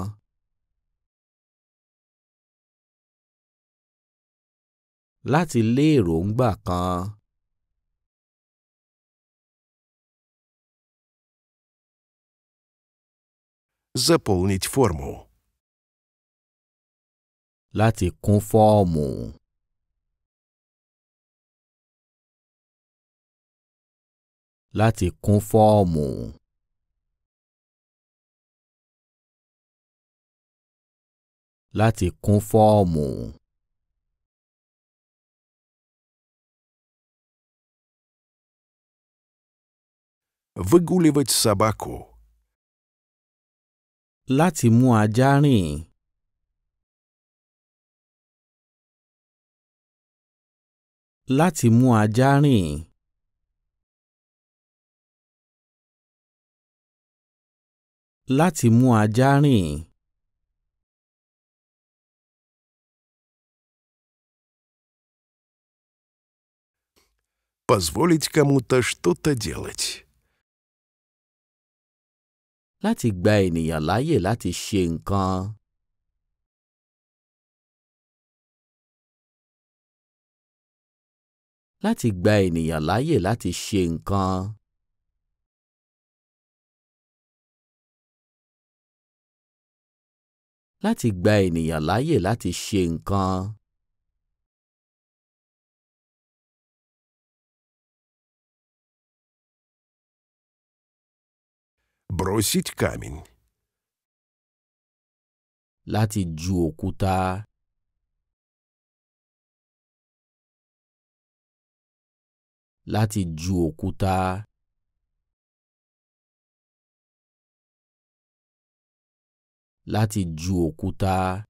Láti lé èròǹgbà kan. заполнить форму. Láti kún fọ́ọ̀mù. Láti kún fọ́ọ̀mù. Láti kún fọ́ọ̀mù. Выгуливать собаку láti mú ajá rìn. láti mú ajá rìn. láti mú ajá rìn. Позволить кому-то что-то делать. láti gba ènìyàn láàyè láti ṣe nǹkan. láti gba ènìyàn láàyè láti ṣe nǹkan. láti gba ènìyàn láàyè láti ṣe nǹkan. бросить камень. Láti ju òkúta. Láti ju òkúta. Láti ju òkúta.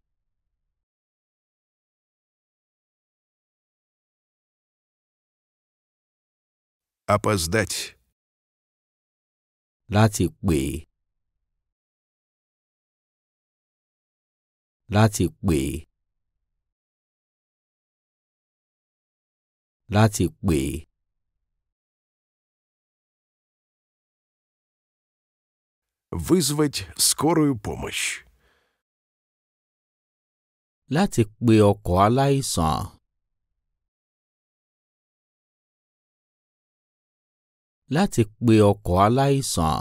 Опоздать. láti pè é láti pè é láti pè é. Вызвать скорую помощь. Láti pe ọkọ̀ aláìsàn. láti pe ọkọ̀ aláìsàn.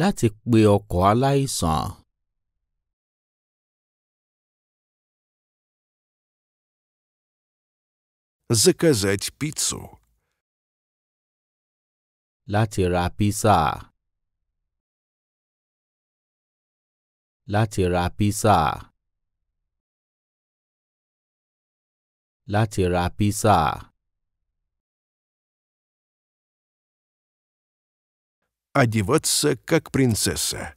láti pe ọkọ̀ aláìsàn. Заказать пиццу. Láti ra písà. Láti ra písà. láti ra písà. Одеваться как принцесса.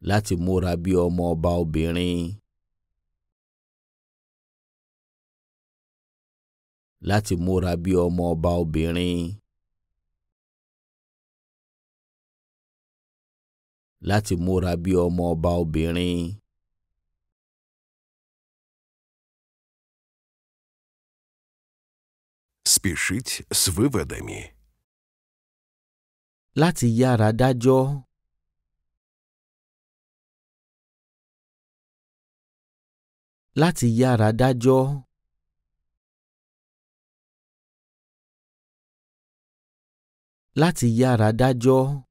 Láti múra bí ọmọ ọba obìnrin. Láti múra bí ọmọ ọba obìnrin. Láti múra bí ọmọ ọba obìnrin. спешить с выводами. Láti yára dájọ́. Láti yára dájọ́. Láti yára dájọ́.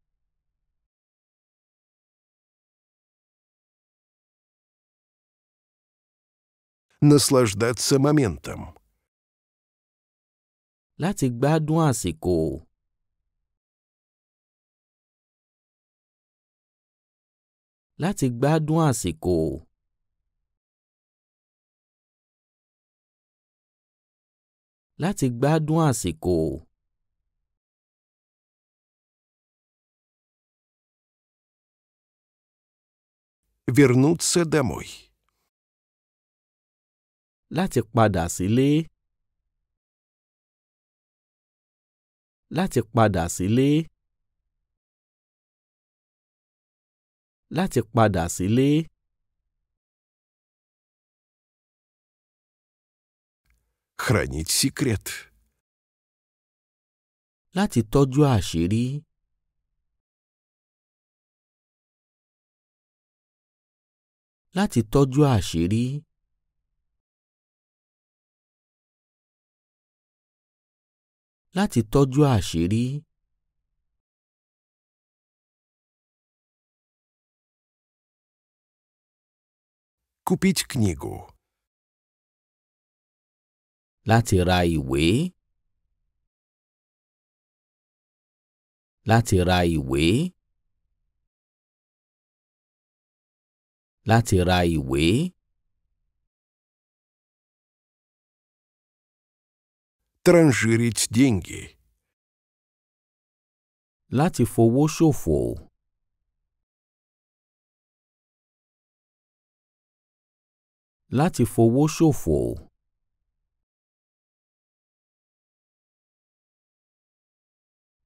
Наслаждаться моментом. láti gbádùn àsìkò. láti gbádùn àsìkò. láti gbádùn àsìkò. Вернуться домой. Láti padà sílé. láti padà sílé. láti padà sílé. хранить секрет. Láti tọ́jú àṣírí. Láti tọ́jú àṣírí. láti tọ́jú àṣírí. Kupić knigu. Láti ra ìwé. Láti ra ìwé. Láti ra ìwé. транжирить деньги. Láti fowó ṣòfò. Láti fowó ṣòfò.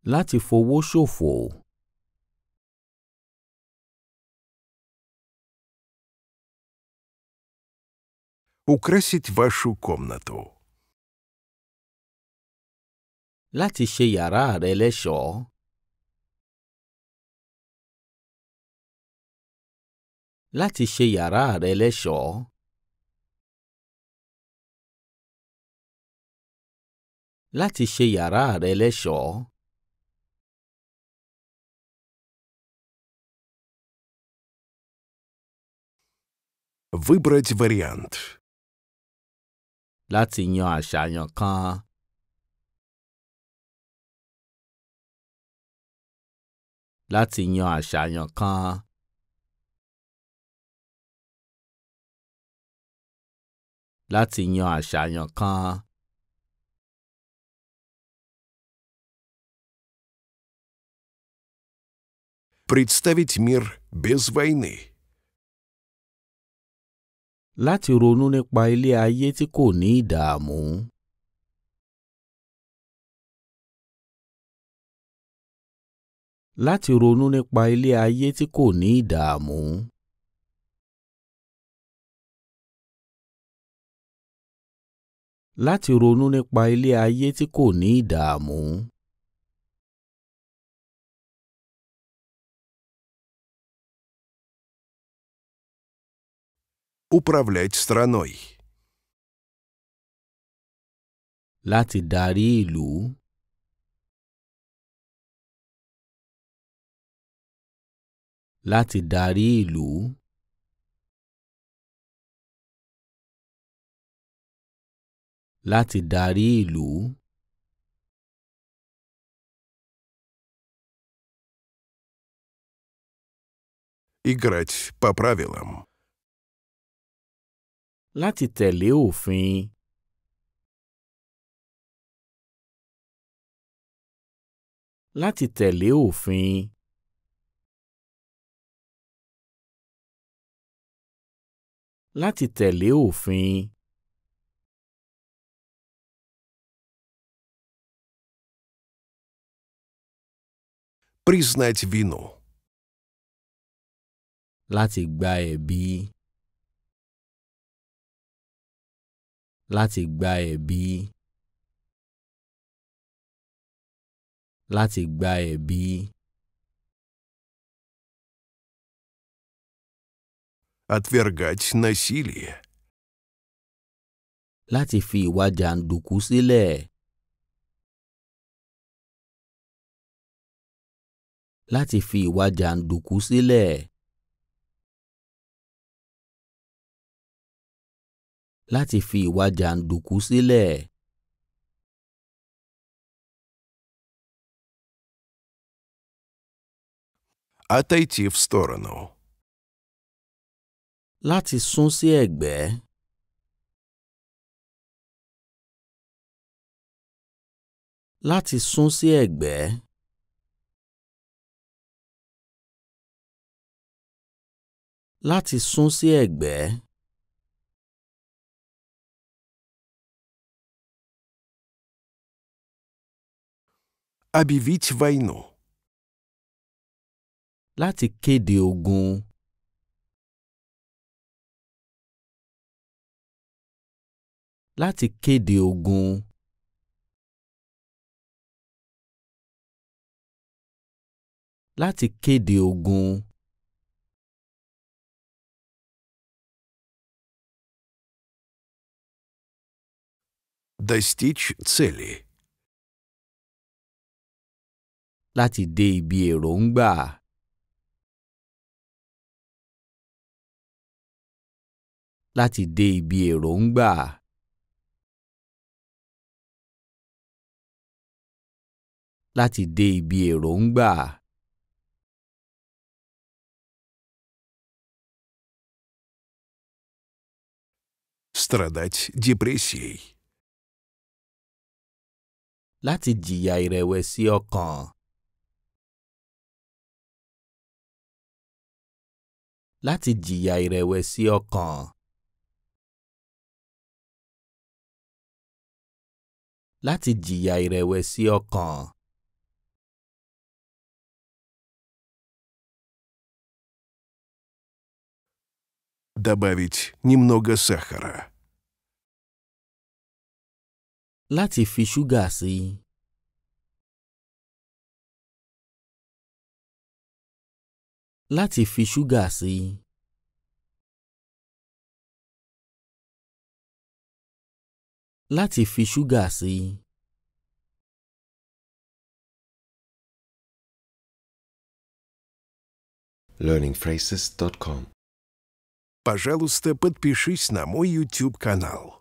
Láti fowó ṣòfò. Украсить вашу комнату. láti ṣe yàrá rẹ lẹ́ṣọ̀ọ́. láti ṣe yàrá rẹ lẹ́ṣọ̀ọ́. láti ṣe yàrá rẹ lẹ́ṣọ̀ọ́. Выбрать вариант. Láti yan àṣàyàn kan. láti yan àṣàyàn kan. láti yan àṣàyàn kan. Представить мир без войны. Láti ronú nípa ilé ayé tí kò ní ìdààmú. láti ronú nípa ilé ayé tí kò ní ìdààmú. láti ronú nípa ilé ayé tí kò ní ìdààmú. Управлять страной. Лати darí ìlú. láti darí ìlú. láti darí ìlú. Играть по правилам. Láti tẹ̀lé òfin. Láti tẹ̀lé òfin. láti tẹ̀lé òfin. Признать вину. Láti gba ẹ̀bi. Láti gba ẹ̀bi. Láti gba ẹ̀bi. отвергать насилие. Láti fi ìwà jàǹdùkú sílẹ̀. Láti fi ìwà jàǹdùkú sílẹ̀. Láti fi ìwà jàǹdùkú sílẹ̀. Отойти в сторону. láti sún sí ẹ̀gbẹ́. láti sún sí ẹ̀gbẹ́. láti sún sí ẹ̀gbẹ́. Объявить войну. Láti kéde ogun. láti kéde ogun. láti kéde ogun. Достичь цели. Láti dé ibi èròǹgbà. Láti dé ibi èròǹgbà. láti dé ibi èròǹgbà. Страдать депрессией. Láti jìyà ìrẹ̀wẹ̀sì ọkàn. Láti jìyà ìrẹ̀wẹ̀sì ọkàn. Láti jìyà ìrẹ̀wẹ̀sì ọkàn. добавить немного сахара. Láti fi ṣúgà sí i. Láti fi ṣúgà sí i. Láti fi ṣúgà sí i. learningphrases.com пожалуйста, подпишись на мой YouTube-канал.